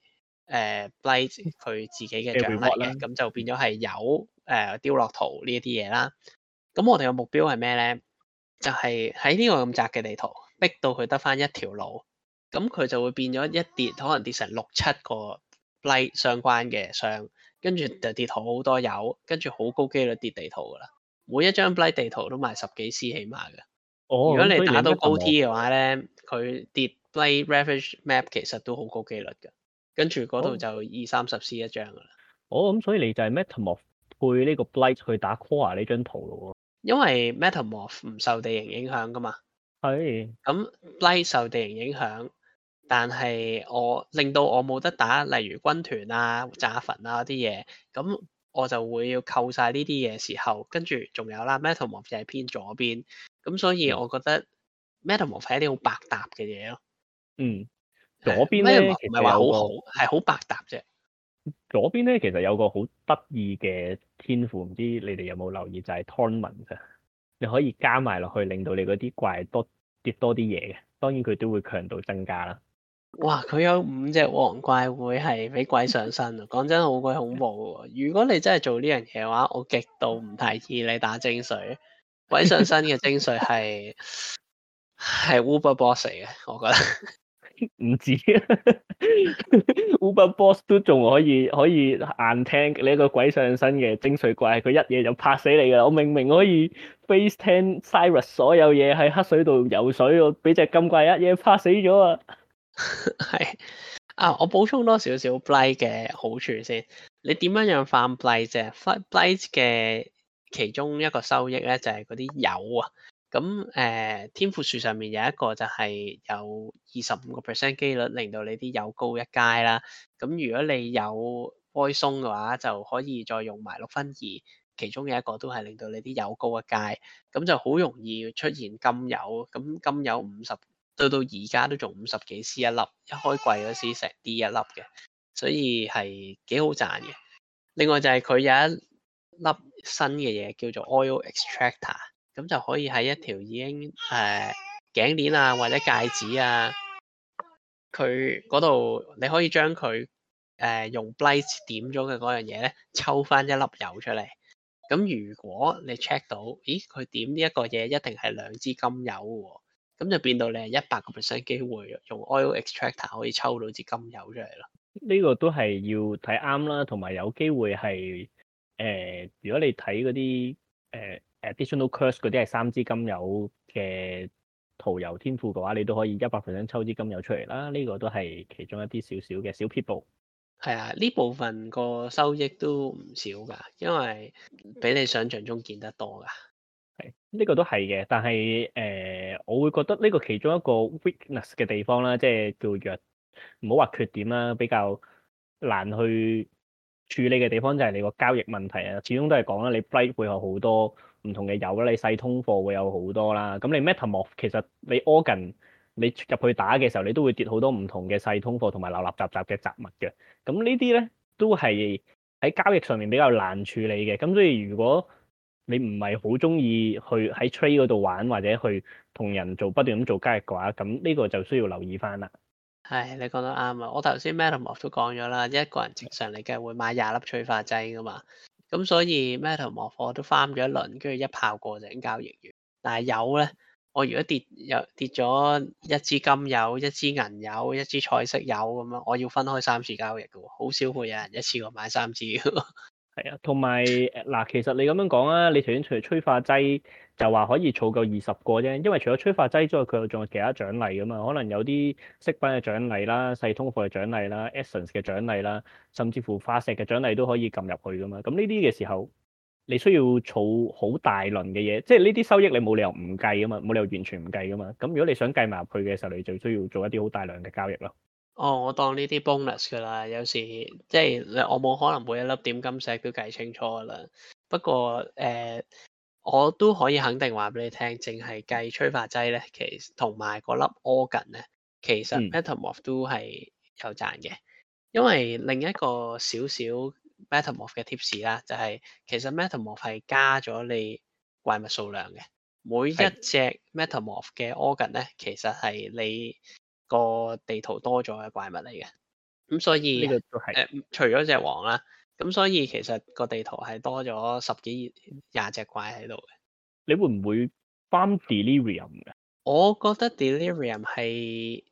誒 Blight 佢自己嘅獎勵嘅，咁 就變咗係有誒丟落圖呢一啲嘢啦。咁我哋嘅目標係咩咧？就係喺呢個咁窄嘅地圖逼到佢得翻一條路，咁佢就會變咗一跌，可能跌成六七個 Blight 相關嘅箱，跟住就跌圖好多油，跟住好高機率跌地圖噶啦。每一張 Blight 地圖都賣十幾 C 起碼噶。哦，如果你打到高 T 嘅話咧，佢、哦、跌 Blight Ravaged Map 其實都好高機率㗎。跟住嗰度就二、oh. 三十 C 一張噶啦。哦，咁所以你就係 Metamorph 配呢個 Blight 去打 Quara 呢張圖咯。因為 Metamorph 唔受地形影響噶嘛。係。咁 Hey. Blight 受地形影響，但係我令到我冇得打，例如軍團啊、炸墳啊啲嘢，咁我就會要扣晒呢啲嘢時候，跟住仲有啦 Me、mm. tamorph 就係偏左邊，咁所以我覺得 Metamorph 係一啲好百搭嘅嘢咯。嗯。Mm. 左邊咧，唔係話好好，係好百搭啫。左邊咧，其實有個好得意嘅天賦，唔知你哋有冇留意？就係 Torment 嘅，你可以加埋落去，令到你嗰啲怪多跌多啲嘢嘅。當然佢都會強度增加啦。哇！佢有五隻王怪會係俾鬼上身啊！講 真，好鬼恐怖喎！如果你真係做呢樣嘢嘅話，我極度唔提議你打精髓，鬼上身嘅精髓係係 Uber Boss 嚟嘅，我覺得。唔止 ，Uber Boss 都仲可以可以硬聽，你一個鬼上身嘅精髓怪，佢一嘢就拍死你噶。我明明可以 Face Ten Sirus 所有嘢喺黑水度游水，我俾隻金怪一嘢拍死咗啊！係 啊，我補充多少少 Blight 嘅好處先。你點樣樣犯 Blight 啫？Blight 嘅其中一個收益咧，就係嗰啲油啊。咁誒，天賦樹上面有一個就係有二十五個 percent 機率令到你啲油高一階啦。咁如果你有 Boysong 嘅話，就可以再用埋六分二，其中有一個都係令到你啲油高一階，咁就好容易出現金油。咁金油五十，到到而家都仲五十幾 C 一粒，一開季嗰時成 D 一粒嘅，所以係幾好賺嘅。另外就係佢有一粒新嘅嘢叫做 Oil Extractor。咁就可以喺一條已經誒、呃、頸鏈啊或者戒指啊，佢嗰度你可以將佢誒、呃、用 blight 點咗嘅嗰樣嘢咧，抽返一粒油出嚟。咁如果你 check 到，咦佢點呢一個嘢一定係兩支金油喎，咁就變到你係一百個 percent 機會用 oil extractor 可以抽到支金油出嚟咯。呢個都係要睇啱啦，同埋有，有機會係誒、呃，如果你睇嗰啲誒。呃 Additional curse 嗰啲係三資金油嘅塗油天賦嘅話，你都可以一百 percent 抽資金油出嚟啦。呢個都係其中一啲少少嘅小撇步。係啊，呢部分個收益都唔少㗎，因為比你想象中見得多㗎。係呢、這個都係嘅，但係誒、呃，我會覺得呢個其中一個 weakness 嘅地方啦，即係叫弱，唔好話缺點啦，比較難去處理嘅地方就係你個交易問題啊。始終都係講啦，你 play 配合好多。唔同嘅油啦，你細通貨會有好多啦，咁你 Metamorph 其實你 Organ 你入去打嘅時候，你都會跌好多唔同嘅細通貨同埋流流雜雜嘅雜物嘅，咁呢啲咧都係喺交易上面比較難處理嘅，咁所以如果你唔係好中意去喺 Trade 嗰度玩或者去同人做不斷咁做交易嘅話，咁呢個就需要留意翻啦。係，你講得啱啊，我頭先 Metamorph 都講咗啦，一個人正常嚟計會買廿粒催化劑噶嘛。咁所以 Metal 模貨都翻咗一輪，跟住一炮過就係交易完。但係有咧，我如果跌又跌咗一支金油、一支銀油、一支菜色油咁樣，我要分開三次交易嘅喎。好少會有人一次過買三支。係 啊，同埋嗱，其實你咁樣講啊，你頭先除咗催化劑。就話可以儲夠二十個啫，因為除咗催化劑，劑之外，佢仲有其他獎勵噶嘛。可能有啲飾品嘅獎勵啦、細通貨嘅獎勵啦、essence 嘅獎勵啦，甚至乎化石嘅獎勵都可以撳入去噶嘛。咁呢啲嘅時候，你需要儲好大輪嘅嘢，即係呢啲收益你冇理由唔計噶嘛，冇理由完全唔計噶嘛。咁如果你想計埋入去嘅時候，你就需要做一啲好大量嘅交易咯。哦，我當呢啲 bonus 㗎啦。有時即係我冇可能每一粒點金石都計清楚噶啦。不過誒。呃我都可以肯定話俾你聽，淨係計催化劑咧，其實同埋嗰粒 organ 咧，其實 metamorph 都係有賺嘅。嗯、因為另一個少少 metamorph 嘅 tips 啦，就係、是、其實 metamorph 係加咗你怪物數量嘅。每一隻 metamorph 嘅 organ 咧，其實係你個地圖多咗嘅怪物嚟嘅。咁所以誒、呃，除咗隻王啦、啊。咁、嗯、所以其實個地圖係多咗十幾廿隻怪喺度嘅。你會唔會翻 Delirium 嘅？我覺得 Delirium 係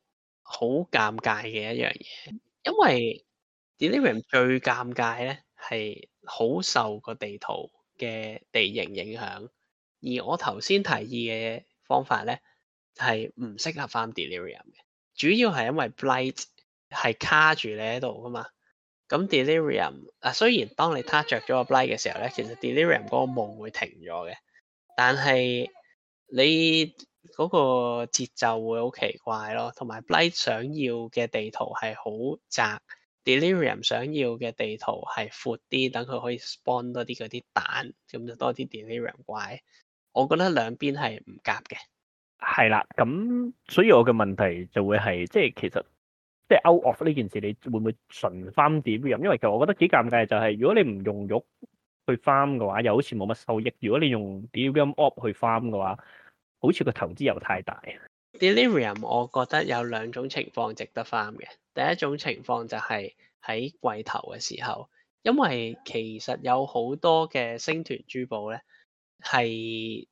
好尷尬嘅一樣嘢，因為 Delirium 最尷尬咧係好受個地圖嘅地形影響，而我頭先提議嘅方法咧係唔適合翻 Delirium 嘅，主要係因為 Blight 係卡住你喺度噶嘛。咁 Delirium 嗱、啊，雖然當你 touch 著咗個 Blight 嘅時候咧，其實 Delirium 嗰個夢會停咗嘅，但係你嗰個節奏會好奇怪咯。同埋 Blight 想要嘅地圖係好窄，Delirium 想要嘅地圖係闊啲，等佢可以 spawn 多啲嗰啲蛋，咁就多啲 Delirium 怪。我覺得兩邊係唔夾嘅。係啦，咁所以我嘅問題就會係即係其實。即係 out of 呢件事，你會唔會純翻點咁？因為其實我覺得幾尷尬，就係、是、如果你唔用玉去翻嘅話，又好似冇乜收益；如果你用 Delirium op 去翻嘅話，好似個投資又太大。Delirium 我覺得有兩種情況值得翻嘅。第一種情況就係喺季頭嘅時候，因為其實有好多嘅星團珠寶咧，係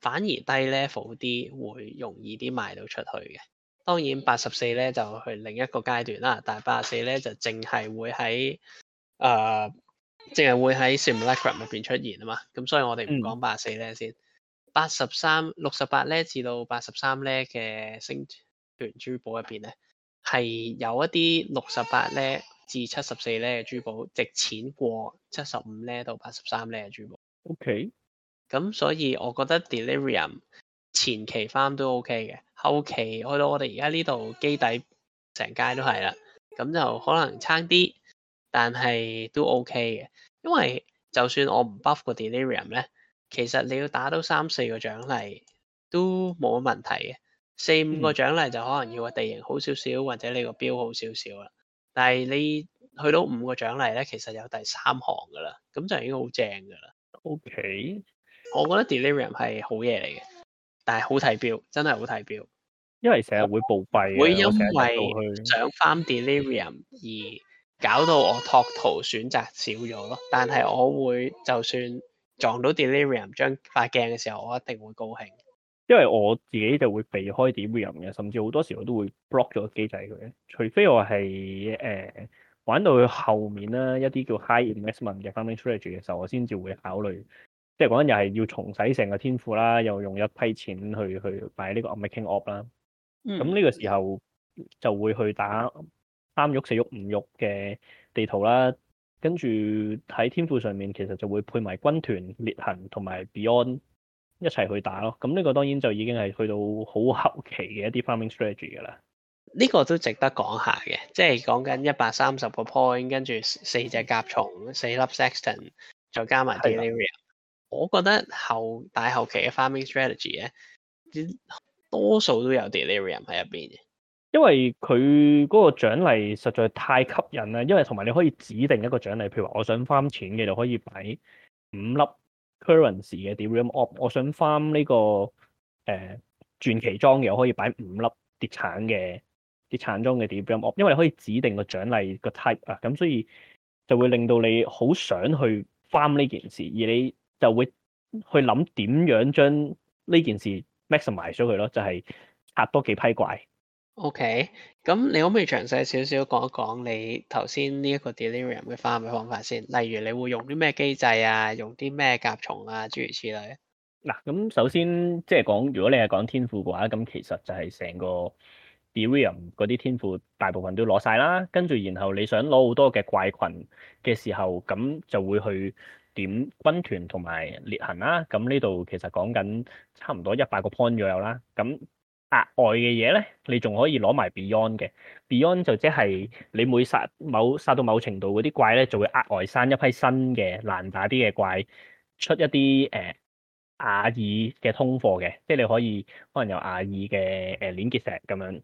反而低 level 啲會容易啲賣到出去嘅。當然八十四咧就去另一個階段啦，但係八十四咧就淨係會喺，誒，淨係會喺 Simulacrum 入邊出現啊嘛，咁所以我哋唔講八十四咧先。八十三六十八咧至到八十三咧嘅星團珠寶入邊咧係有一啲六十八咧至七十四咧嘅珠寶值錢過七十五咧到八十三咧嘅珠寶。OK。咁 Okay. 所以我覺得 Delirium。前期翻都 OK 嘅，後期去到我哋而家呢度基底成街都係啦，咁就可能差啲，但係都 OK 嘅。因為就算我唔 buff 個 Delirium 咧，其實你要打到三四個獎勵都冇乜問題嘅，四五個獎勵就可能要個地形好少少，或者你個標好少少啦。但係你去到五個獎勵咧，其實有第三行噶啦，咁就已經好正噶啦。OK，我覺得 Delirium 係好嘢嚟嘅。但係好睇表，真係好睇表。因為成日會報廢，會因為想 farm Delirium 而搞到我拓圖選擇少咗咯。但係我會就算撞到 Delirium 張塊鏡嘅時候，我一定會高興。因為我自己就會避開 Delirium 嘅，甚至好多時我都會 block 咗個機制佢。除非我係誒、呃、玩到佢後面啦，一啲叫 high investment 嘅 farming strategy 嘅時候，我先至會考慮。即係講緊又係要重洗成個天賦啦，又用一批錢去去擺呢個 making up 啦。咁呢、嗯、個時候就會去打三喐四喐五喐嘅地圖啦。跟住喺天賦上面其實就會配埋軍團裂痕同埋 Beyond 一齊去打咯。咁、嗯、呢、這個當然就已經係去到好後期嘅一啲 farming strategy 㗎啦。呢個都值得講下嘅，即係講緊一百三十個 point，跟住四隻甲蟲、四粒 Sextant 再加埋 Delirium。我覺得後大後期嘅 farming strategy 呢，多數都有 delirium 喺入邊嘅，因為佢嗰個獎勵實在太吸引啦。因為同埋你可以指定一個獎勵，譬如話我想翻錢嘅就可以擺五粒 currency 嘅 delirium op，我想翻呢、呢個誒、呃、傳奇裝嘅，我可以擺五粒疊橙嘅疊橙裝嘅 delirium op，因為你可以指定個獎勵個 type 啊，咁所以就會令到你好想去翻呢件事，而你，就會去諗點樣將呢件事 maximize 咗佢咯，就係壓多幾批怪。O K。咁你可唔可以詳細少少講一講你頭先呢一個 Delirium 嘅翻壓方法先？例如你會用啲咩機制啊？用啲咩甲蟲啊？諸如此類。嗱，咁首先即係講如果你係講天賦嘅話，咁其實就係成個 Delirium 嗰啲天賦大部分都攞晒啦。跟住然後你想攞好多嘅怪群嘅時候，咁就會去。點軍團同埋裂痕啦，咁呢度其實講緊差唔多一百個 point 左右啦。咁額外嘅嘢咧，你仲可以攞埋 Beyond 嘅 Beyond 就即係你每殺某殺到某程度嗰啲怪咧，就會額外生一批新嘅難打啲嘅怪，出一啲誒瓦爾嘅通貨嘅，即係你可以可能有瓦爾嘅誒連結石咁樣，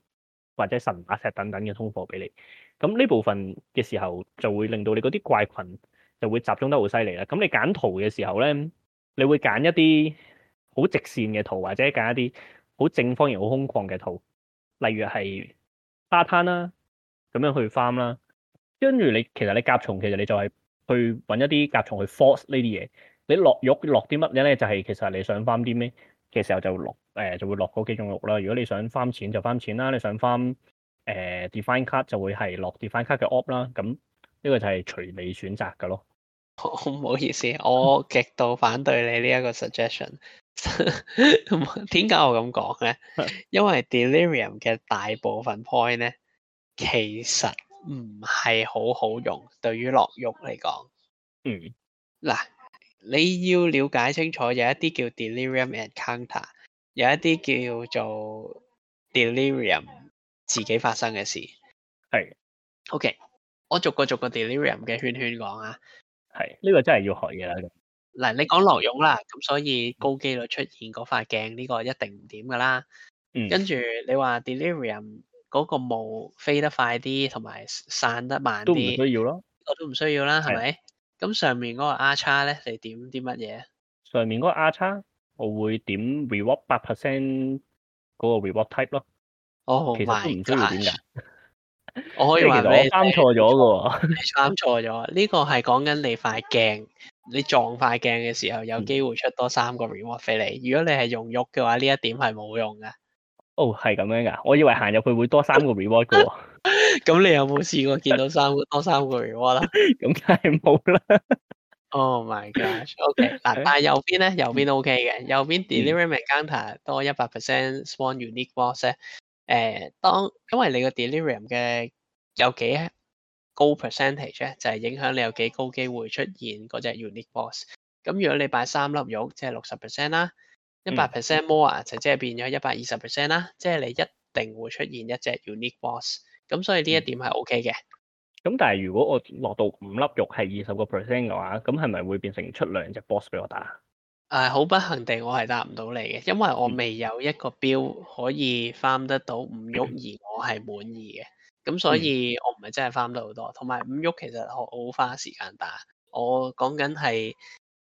或者神瓦石等等嘅通貨俾你。咁呢部分嘅時候就會令到你嗰啲怪群。就會集中得好犀利啦。咁你揀圖嘅時候咧，你會揀一啲好直線嘅圖，或者揀一啲好正方形、好空曠嘅圖，例如係沙灘啦，咁樣去翻啦。跟住你其實你甲蟲，其實你就係去揾一啲甲蟲去 force 呢啲嘢。你落肉落啲乜嘢咧？就係、是、其實你想翻啲咩嘅時候就落誒，就會落嗰幾種肉啦。如果你想翻錢就翻錢啦，你想翻誒、呃、define card 就會係落 define card 嘅 opt 啦。咁呢個就係隨你選擇嘅咯。好唔好意思，我極度反對你 呢一個 suggestion。點解我咁講咧？因為 Delirium 嘅大部分 point 呢，其實唔係好好用，對於落肉嚟講。嗯，嗱，你要了解清楚，有一啲叫 Delirium encounter，有一啲叫做 Delirium 自己發生嘅事。係的，OK，我逐個逐個 Delirium 嘅圈圈講啊。係呢、這個真係要學嘢啦。嗱，你講落勇啦，咁所以高機率出現嗰塊鏡呢個一定唔點噶啦。嗯。跟住你話 Delirium 唔嗰個霧飛得快啲，同埋散得慢啲。都唔需要咯。我都唔需要啦，係咪的？咁上面嗰個 R 叉咧，你點啲乜嘢？上面嗰個 R 叉，X, 我會點 reward 八 percent 嗰個 reward type 咯。哦、oh，其實都唔需要點噶。我可以話俾你，啱錯咗嘅喎，你啱錯咗，呢 個係講緊你塊鏡，你撞塊鏡嘅時候，有機會出多三個 reward 俾你。如果你係用喐嘅話，呢一點係冇用嘅。哦，係咁樣噶，我以為行入去會多三個 reward 嘅喎。咁 你有冇試過見到三多三個 reward 咧？ 咁梗係冇啦。Oh my god！OK，嗱，但係右邊咧，右邊都 OK 嘅，右邊 Diluvian Gun 塔多一百 percent spawn unique boss。誒，當因為你個 delirium 嘅有幾高 percentage 咧，就係、是、影響你有幾高機會出現嗰隻 unique boss。咁如果你擺三粒肉，即係六十 percent 啦，一百 percent more 啊，就即係變咗一百二十 percent 啦，即係你一定會出現一隻 unique boss。咁所以呢一點係 OK 嘅。咁、嗯、但係如果我落到五粒肉係二十個 percent 嘅話，咁係咪會變成出兩隻 boss 俾我打？誒好、uh, 不幸地，我係答唔到你嘅，因為我未有一個標可以翻得到五鬱 而我係滿意嘅，咁所以我唔係真係翻得好多。同埋五鬱其實好花時間打，我講緊係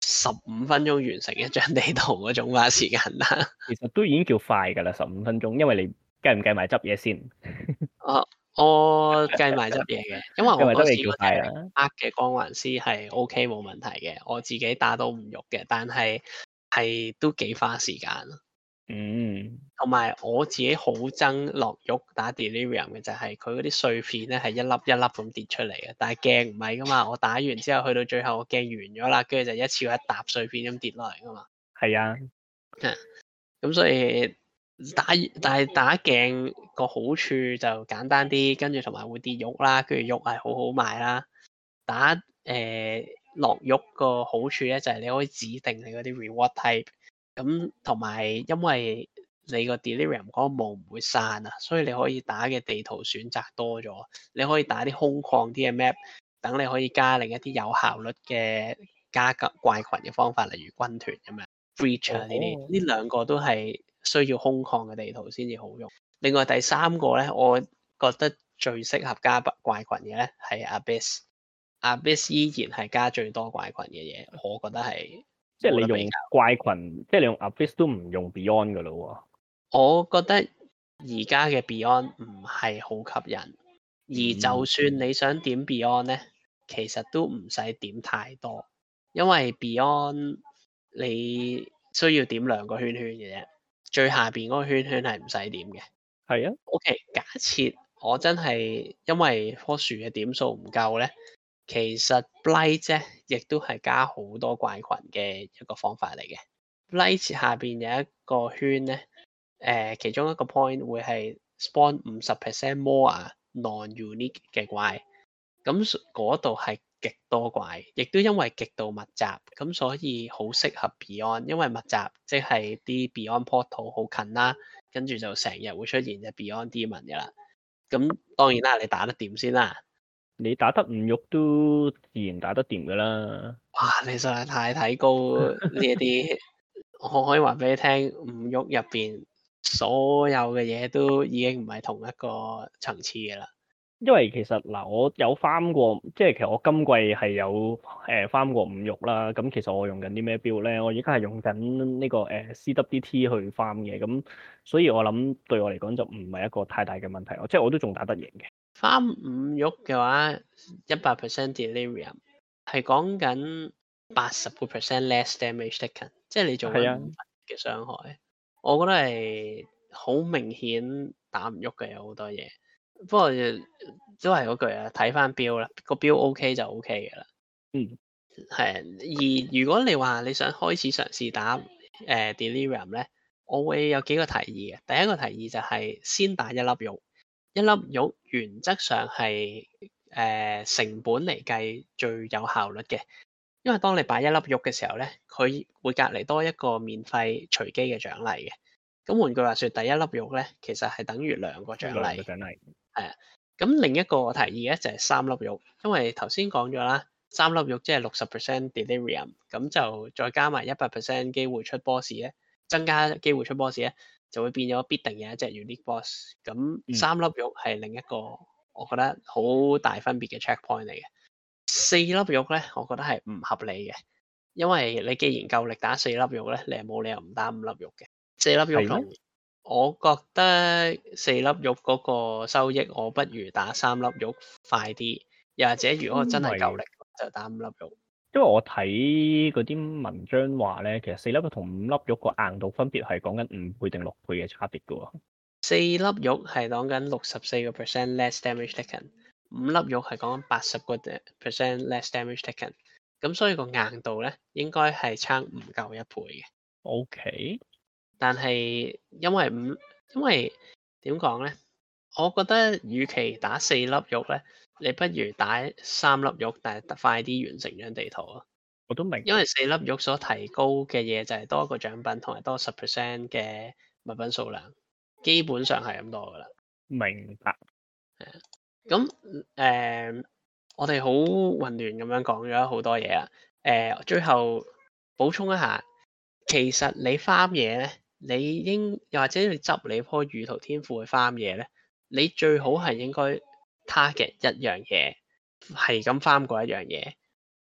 十五分鐘完成一張地圖嗰種花時間啦。其實都已經叫快㗎啦，十五分鐘，因為你計唔計埋執嘢先？哦 Uh, 我計埋執嘢嘅， 因為我覺得要叫大啦，呃嘅光環師係 O K 冇問題嘅，我自己打到唔喐嘅，但係係都幾花時間咯。嗯，同埋我自己好憎落肉打 Delirium 嘅就係佢嗰啲碎片咧係一粒一粒咁跌出嚟嘅，但係鏡唔係噶嘛，我打完之後去到最後我鏡完咗啦，跟住就一次過一沓碎片咁跌落嚟噶嘛。係啊，嚇，咁所以。打但係打鏡個好處就簡單啲，跟住同埋會跌玉啦。跟住玉係好好賣啦。打誒、呃、落玉個好處咧，就係你可以指定你嗰啲 reward type。咁同埋因為你個 delirium 嗰個霧唔會散啊，所以你可以打嘅地圖選擇多咗。你可以打啲空曠啲嘅 map，等你可以加另一啲有效率嘅加級怪群嘅方法，例如軍團咁樣 Breach 呢啲，呢、哦哦、兩個都係。需要空曠嘅地圖先至好用。另外第三個咧，我覺得最適合加怪群嘅咧係 Abyss，Abyss 依然係加最多怪群嘅嘢。我覺得係，即係你用怪群，即係你用 Abyss 都唔用 Beyond 噶啦喎。我覺得而家嘅 Beyond 唔係好吸引，而就算你想點 Beyond 咧，其實都唔使點太多，因為 Beyond 你需要點兩個圈圈嘅啫。最下邊嗰個圈圈，係唔使點嘅，係啊的。O、okay, K，假設我真係因為棵樹嘅點數唔夠咧，其實、B、light 啫亦都係加好多怪群嘅一個方法嚟嘅。Blight 下邊有一個圈咧，誒、呃，其中一個 point 會係 spawn 五十 percent more non-unique 嘅怪，咁嗰度係。極多怪，亦都因為極度密集，咁所以好適合 Beyond，因為密集即係啲 Beyond portal 好近啦，跟住就成日會出現嘅 Beyond demon 嘅啦。咁當然啦，你打得掂先啦。你打得唔喐都自然打得掂噶啦。哇！你實在太睇高呢一啲， 我可以話俾你聽，唔喐入邊所有嘅嘢都已經唔係同一個層次嘅啦。因為其實嗱、呃，我有翻過，即係其實我今季係有誒翻過五玉啦。咁其實我用緊啲咩 build 咧？我而家係用緊呢個誒 CWT 去翻嘅。咁所以我諗對我嚟講就唔係一個太大嘅問題咯。即係我都仲打得贏嘅。翻五玉嘅話，一百 percent delirium 係講緊八十個 percent less damage taken，即係你仲啊，嘅傷害。的我覺得係好明顯打唔喐嘅，有好多嘢。不過都係嗰句啊，睇翻表啦，個表，表 O、OK、K 就 O K 嘅啦。嗯，係。而如果你話你想開始嘗試打誒 Delirium 咧，呃、Delirium, 我會有幾個提議嘅。第一個提議就係先打一粒肉。一粒肉原則上係誒、呃、成本嚟計最有效率嘅，因為當你擺一粒肉嘅時候咧，佢會隔籬多一個免費隨機嘅獎勵嘅。咁換句話說，第一粒肉咧其實係等於兩個獎勵。係啊，咁另一個我提議咧就係三粒肉。因為頭先講咗啦，三粒肉即係六十 percent delirium，咁就再加埋一百 percent 機會出 boss 咧，增加機會出 boss 咧，就會變咗必定有一隻 unique boss。咁三粒肉係另一個我覺得好大分別嘅 checkpoint 嚟嘅，四粒肉咧，我覺得係唔合理嘅，因為你既然夠力打四粒肉咧，你係冇理由唔打五粒肉嘅，四粒肉咁。我覺得四粒肉嗰個收益，我不如打三粒肉快啲。又或者，如果真係夠力，為就打五粒肉。因為我睇嗰啲文章話咧，其實四粒肉同五粒肉，硬粒肉，taken，粒肉 taken，個硬度分別係講緊五倍定六倍嘅差別嘅喎。四粒肉係講緊六十四個 percent less damage taken，五粒肉係講緊八十個 percent less damage taken。咁所以個硬度咧應該係差唔夠一倍嘅。OK。但係，因為五，因為點講咧？我覺得與其打四粒肉咧，你不如打三粒肉，但係快啲完成張地圖啊！我都明，因為四粒肉所提高嘅嘢就係多一個獎品，同埋多十 percent 嘅物品數量，基本上係咁多噶啦。明白。係咁誒，我哋好混亂咁樣講咗好多嘢啊！誒、呃，最後補充一下，其實你翻嘢咧。你應又或者你執你棵輿圖天賦去 farm 嘢咧，你最好係應該 target 一樣嘢，係咁 farm 過一樣嘢，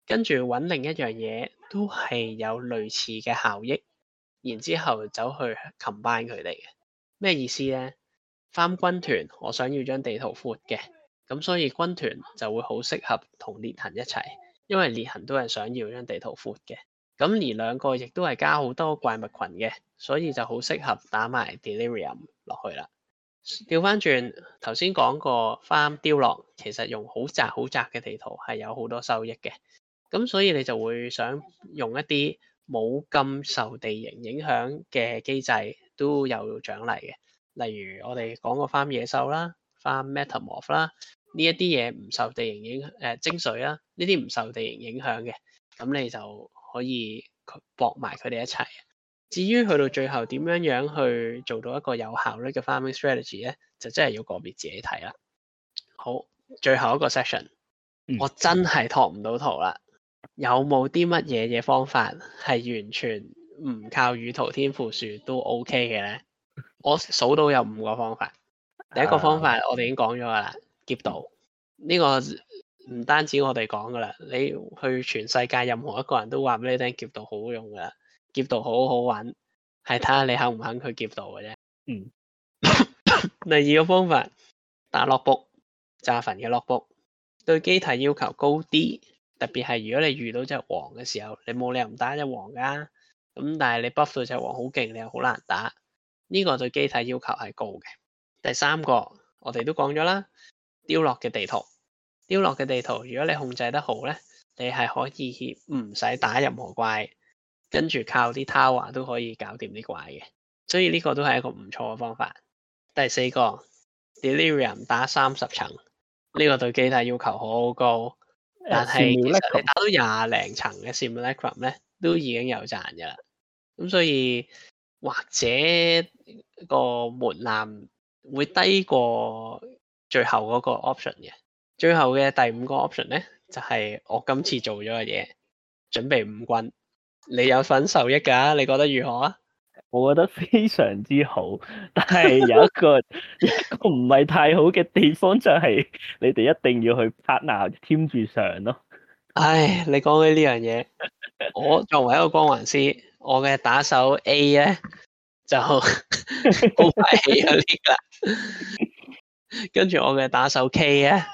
跟住揾另一樣嘢都係有類似嘅效益，然之後走去 combine 佢哋嘅咩意思咧？farm 軍團我想要張地圖闊嘅，咁所以軍團就會好適合同裂痕一齊，因為裂痕都係想要張地圖闊嘅。咁而兩個亦都係加好多怪物群嘅，所以就好適合打埋 Delirium 落去啦。調翻轉頭先講過翻凋落，其實用好窄好窄嘅地圖係有好多收益嘅。咁所以你就會想用一啲冇咁受地形影響嘅機制都有獎勵嘅，例如我哋講過翻野獸啦，翻 Metamorph 啦，呢一啲嘢唔受地形影，誒精髓啦，呢啲唔受地形影響嘅，咁、呃、你就。可以搏埋佢哋一齊。至於去到最後點樣樣去做到一個有效率嘅 farming strategy 咧，就真係要個別自己睇啦。好，最後一個 session，我真係拓唔到圖啦。有冇啲乜嘢嘅方法係完全唔靠輿圖天賦樹都 OK 嘅咧？我數到有五個方法。第一個方法、uh、我哋已經講咗噶啦，劫盜呢、呢個。唔單止我哋講噶啦，你去全世界任何一個人都話俾你聽，劫道好用噶，劫道好好玩，係睇下你肯唔肯去劫道嘅啫。嗯。 第二個方法，打落卜炸焚嘅落卜，對機體要求高啲，特別係如果你遇到隻王嘅時候，你冇理由唔打隻王噶。咁但係你北 u f f 到隻王好勁，你又好難打。呢、這個對機體要求係高嘅。第三個我哋都講咗啦，丟落嘅地圖。掉落嘅地圖，如果你控制得好咧，你係可以唔使打任何怪，跟住靠啲塔話都可以搞掂啲怪嘅。所以呢個都係一個唔錯嘅方法。第四個 Delirium 打三十層，呢、這個對機體要求好高，但係你打到廿零層嘅 Simulacrum 咧，都已經有賺噶啦。咁所以或者個門檻會低過最後嗰個 option 嘅。最後嘅第五個 option 咧，就係我今次做咗嘅嘢，準備五軍，你有份受益噶，你覺得如何啊？我覺得非常之好，但係有一個一個唔係太好嘅地方就係，你哋一定要去 partner team 住上咯。唉，你講起呢樣嘢，我作為一個光環師，我嘅打手 A 咧就好排氣嗰啲啦，跟住我嘅打手 K 咧。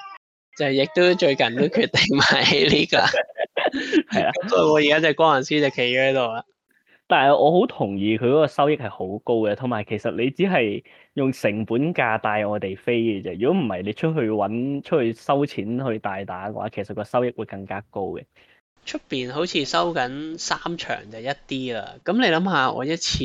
就係亦都最近都決定買呢個係啊 的，所以 我而家就光環師就企咗喺度啦。但係我好同意佢嗰個收益係好高嘅，同埋其實你只係用成本價帶我哋飛嘅啫。如果唔係你出去揾出去收錢去大打嘅話，其實個收益會更加高嘅。出邊好似收緊三場就一 D 啦，咁你諗下，我一次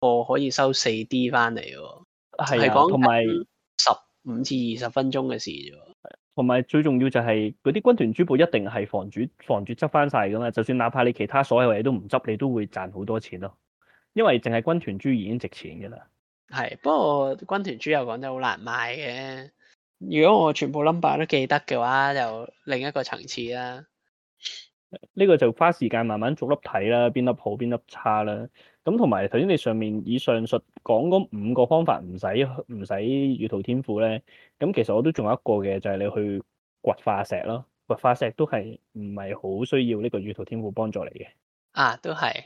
我可以收四 D 翻嚟喎，係講的，同埋十五至二十分鐘嘅事啫。同埋最重要就係嗰啲軍團珠寶一定係防住防住執翻晒噶嘛，就算哪怕你其他所有嘢都唔執，你都會賺好多錢咯，因為淨係軍團珠已經值錢噶啦。係，不過軍團珠又講得好難買嘅，如果我全部 number 都記得嘅話，就另一個層次啦。呢個就花時間慢慢逐粒睇啦，邊粒好邊粒差啦。咁同埋，頭先你上面以上述講嗰五個方法唔使唔使輿圖天賦咧，咁其實我都仲有一個嘅，就係、是、你去掘化石咯，掘化石都係唔係好需要呢個輿圖天賦幫助你嘅。啊，都係，誒、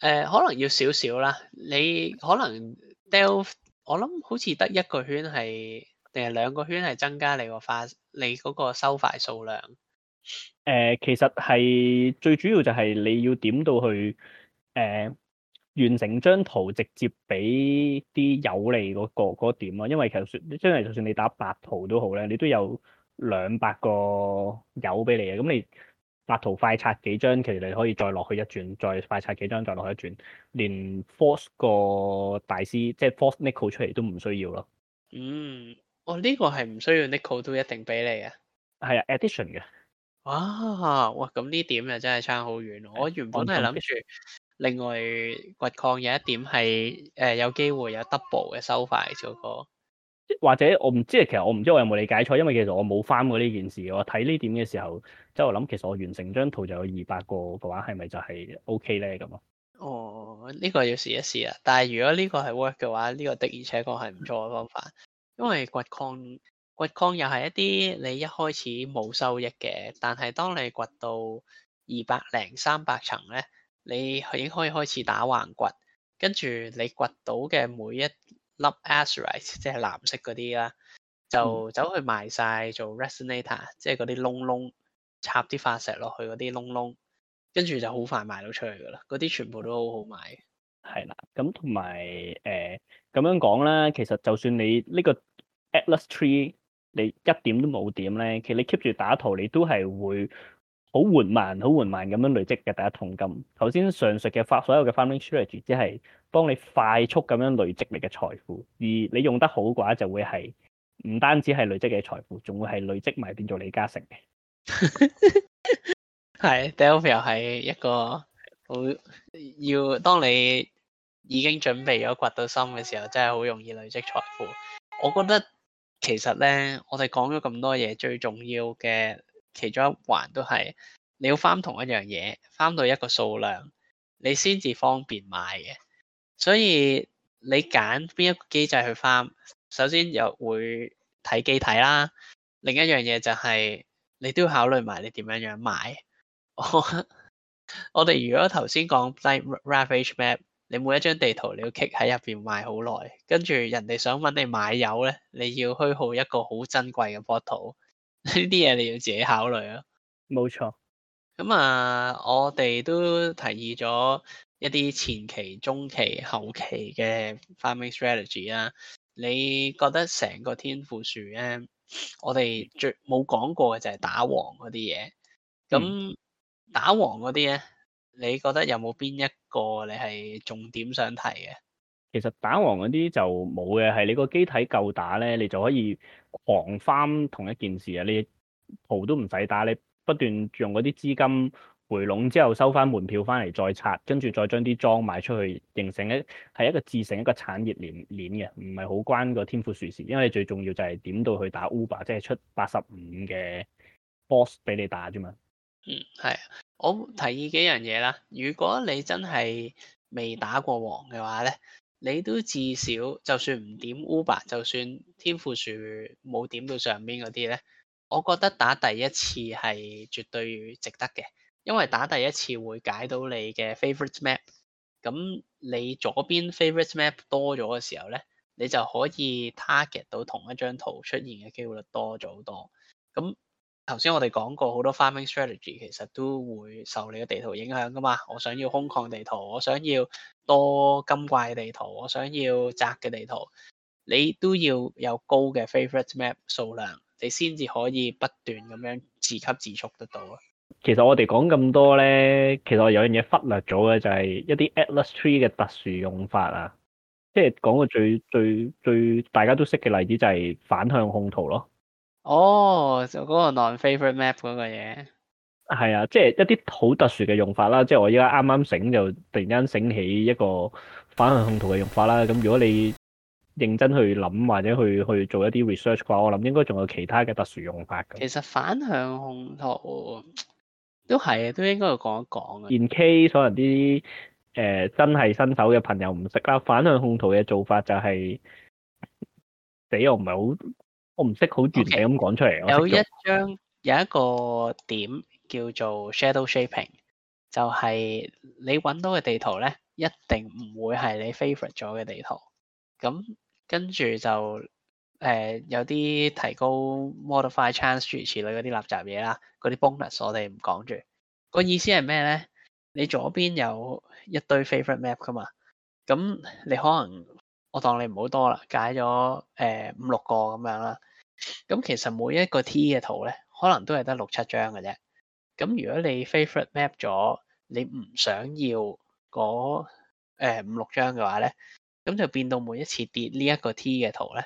呃、可能要少少啦。你可能雕，我諗好似得一個圈係，定係兩個圈係增加你個化，你嗰個收塊數量。誒、呃，其實係最主要就係你要點到去，誒、呃。完成張圖直接俾啲有利嗰、嗰個嗰、嗰個、點咯，因為其實算真係就算你打白圖都好咧，你都有兩百個有俾你嘅，咁你白圖快拆幾張，其實你可以再落去一轉，再快拆幾張再落去一轉，連 Force 個大師即係 Force Niko 出嚟都唔需要咯。嗯，哦呢、呢個係唔需要 Niko 都一定俾你啊。係啊，addition 嘅。哇，哇咁呢點又真係差好遠。的我原本都係諗住。另外，掘礦有一點係，誒、呃，有機會有 double 嘅收快，做、這個或者我唔知啊，其實我唔知我有冇理解錯，因為其實我冇 farm 過呢件事。我睇呢點嘅時候，即係我諗，其實我完成張圖就有二百個嘅話，係咪就係 OK 咧咁啊？哦，呢、這個要試一試啊！但係如果呢個係 work 嘅話，呢、這個的而且確係唔錯嘅方法，因為掘礦掘礦又係一啲你一開始冇收益嘅，但係當你掘到二百零三百層咧。你已經可以開始打橫掘，跟住你掘到嘅每一粒 azurite，即係藍色嗰啲啦，就走去賣晒，做 resonator，即係嗰啲窿窿插啲化石落去嗰啲窿窿，跟住就好快賣到出去㗎啦。嗰啲全部都好好賣嘅。係啦，咁同埋誒咁樣講啦，其實就算你呢個 atlas tree 你一點都冇點咧，其實你 keep 住打圖，你都係會。好緩慢，好緩慢咁樣累積嘅第一桶金。頭先上述嘅法，所有嘅 farming strategy 即係幫你快速咁樣累積你嘅財富。而你用得好嘅話，就會係唔單止係累積嘅財富，仲會係累積埋變做李嘉誠嘅。係，Delve 係一個好要。當你已經準備咗掘到深嘅時候，真係好容易累積財富。我覺得其實咧，我哋講咗咁多嘢，最重要嘅。其中一環都係你要翻同一樣嘢，翻到一個數量，你先至方便買嘅。所以你揀邊一個機製去翻，首先又會睇機體啦。另一樣嘢就係、是、你都要考慮埋你點樣樣買。 我哋如果頭先講 Ravage Map，你每一張地圖你要 keep 喺入邊賣好耐，跟住人哋想揾你買油咧，你要虛耗一個好珍貴嘅 portal。呢啲嘢你要自己考慮咯，冇錯。咁啊，我哋都提議咗一啲前期、中期、後期嘅 farming strategy 啦。你覺得成個天賦樹咧，我哋最冇講過嘅就係打王嗰啲嘢。咁打王嗰啲咧，你覺得有冇邊一個你係重點想提嘅？其實打王嗰啲就冇嘅，係你個機體夠打咧，你就可以狂翻同一件事啊！你蒲都唔使打，你不斷用嗰啲資金回籠之後，收翻門票翻嚟，再拆，跟住再將啲裝賣出去，形成一係一個自成一個產業鏈鏈嘅，唔係好關個天賦樹事。因為最重要就係點到去打 Uber，即係出八十五嘅 Boss 俾你打啫嘛。嗯，係我提議幾樣嘢啦。如果你真係未打過王嘅話咧，你都至少就算唔點 Uber，就算天賦樹冇點到上面嗰啲咧，我覺得打第一次係絕對值得嘅，因為打第一次會解到你嘅 Favorite Map。咁你左邊 Favorite Map 多咗嘅時候咧，你就可以 target 到同一張圖出現嘅機會率多咗好多。咁頭先我哋講過好多 farming strategy，其實都會受你嘅地圖影響噶嘛。我想要空曠地圖，我想要多金怪嘅地圖，我想要窄嘅地圖，你都要有高嘅 favorite map 數量，你先至可以不斷咁樣自給自足得到啊。其實我哋講咁多咧，其實我有樣嘢忽略咗嘅就係一啲 atlas tree 嘅特殊用法啊。即係講個最最最大家都識嘅例子就係反向控圖咯。哦，就嗰個、oh, non-favorite map 嗰個嘢，係啊，即係一啲好特殊嘅用法啦。即係我依家啱啱醒就突然間醒起一個反向控圖嘅用法啦。咁如果你認真去諗或者去去做一啲 research 嘅話，我諗應該仲有其他嘅特殊用法。其實反向控圖、哦、都係都應該要講一講嘅。In case 可能啲誒、呃、真係新手嘅朋友唔識啦。反向控圖嘅做法就係、是，俾我唔係好。我唔識好完整咁講出嚟。Okay. 有一張有一個點叫做 Shadow Shaping，就係你揾到嘅地圖咧，一定唔會係你 favourite 咗嘅地圖。咁跟住就誒、呃、有啲提高 modify chance 諸如此類嗰啲垃圾嘢啦，嗰啲 bonus 我哋唔講住。個意思係咩咧？你左邊有一堆 favourite map 噶嘛，咁你可能我當你唔好多啦，解咗誒、呃、五六個咁樣啦。咁其實每一個 T 嘅圖咧，可能都係得六七張嘅啫。咁如果你 favorite map 咗，你唔想要嗰誒、呃、五六張嘅話咧，咁就變到每一次跌呢一個 T 嘅圖咧，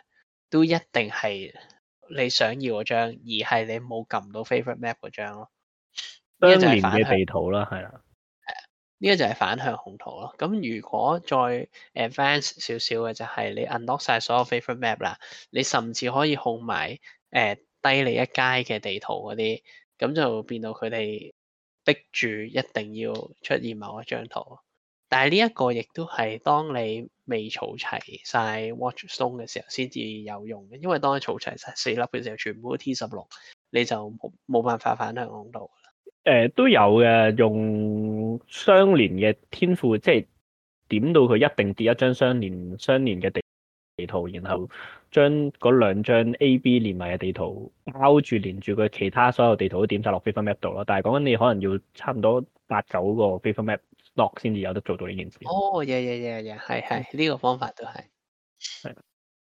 都一定係你想要嗰張，而係你冇撳到 favorite map 嗰張咯。一年嘅地圖啦，係啦。呢個就係反向控圖咯。咁如果再 advance 少少嘅，就係你 unlock 晒所有 Favorite Map 啦，你甚至可以控埋誒、呃、低你一階嘅地圖嗰啲，咁就變到佢哋逼住一定要出現某一張圖。但係呢一個亦都係當你未儲齊晒 Watch Stone 嘅時候先至有用嘅，因為當你儲齊晒四粒嘅時候，全部都 T 十六，你就冇冇辦法反向控圖。誒，都有嘅，用相連嘅天賦，即係點到佢一定跌一張相連相連嘅地地圖，然後將嗰兩張 A、B 連埋嘅地圖包住連住佢其他所有地圖都點晒落 FIFA map 度咯。但係講緊你可能要差唔多八九個 FIFA map 落先至有得做到呢件事。哦，嘢嘢嘢嘢，係係呢個方法都係，係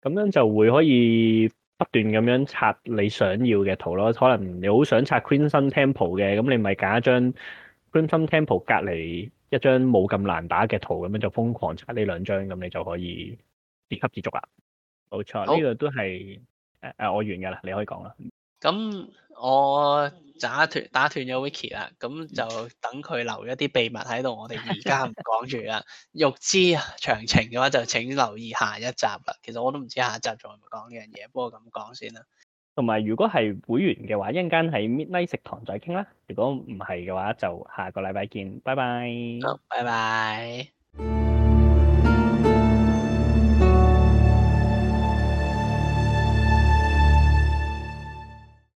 咁樣就會可以。不斷咁樣拆你想要嘅圖咯，可能你好想拆 Crimson Temple 嘅，咁你咪揀一張 Crimson Temple 隔離一張冇咁難打嘅圖，咁樣就瘋狂拆呢兩張，咁你就可以自給自足啦。冇錯，呢好個都係誒誒，我完噶啦，你可以講啦。咁我。打斷打斷咗 Wiki 啦，咁就等佢留一啲秘密喺度，我哋而家唔講住啦。 欲知啊詳情嘅話，就請留意下一集啦。其實我都唔知下一集再唔講呢樣嘢，不過咁講先啦。同埋如果係會員嘅話，一陣間喺 Midnight 食堂再傾啦。如果唔係嘅話，就下個禮拜見，拜拜。好，拜拜。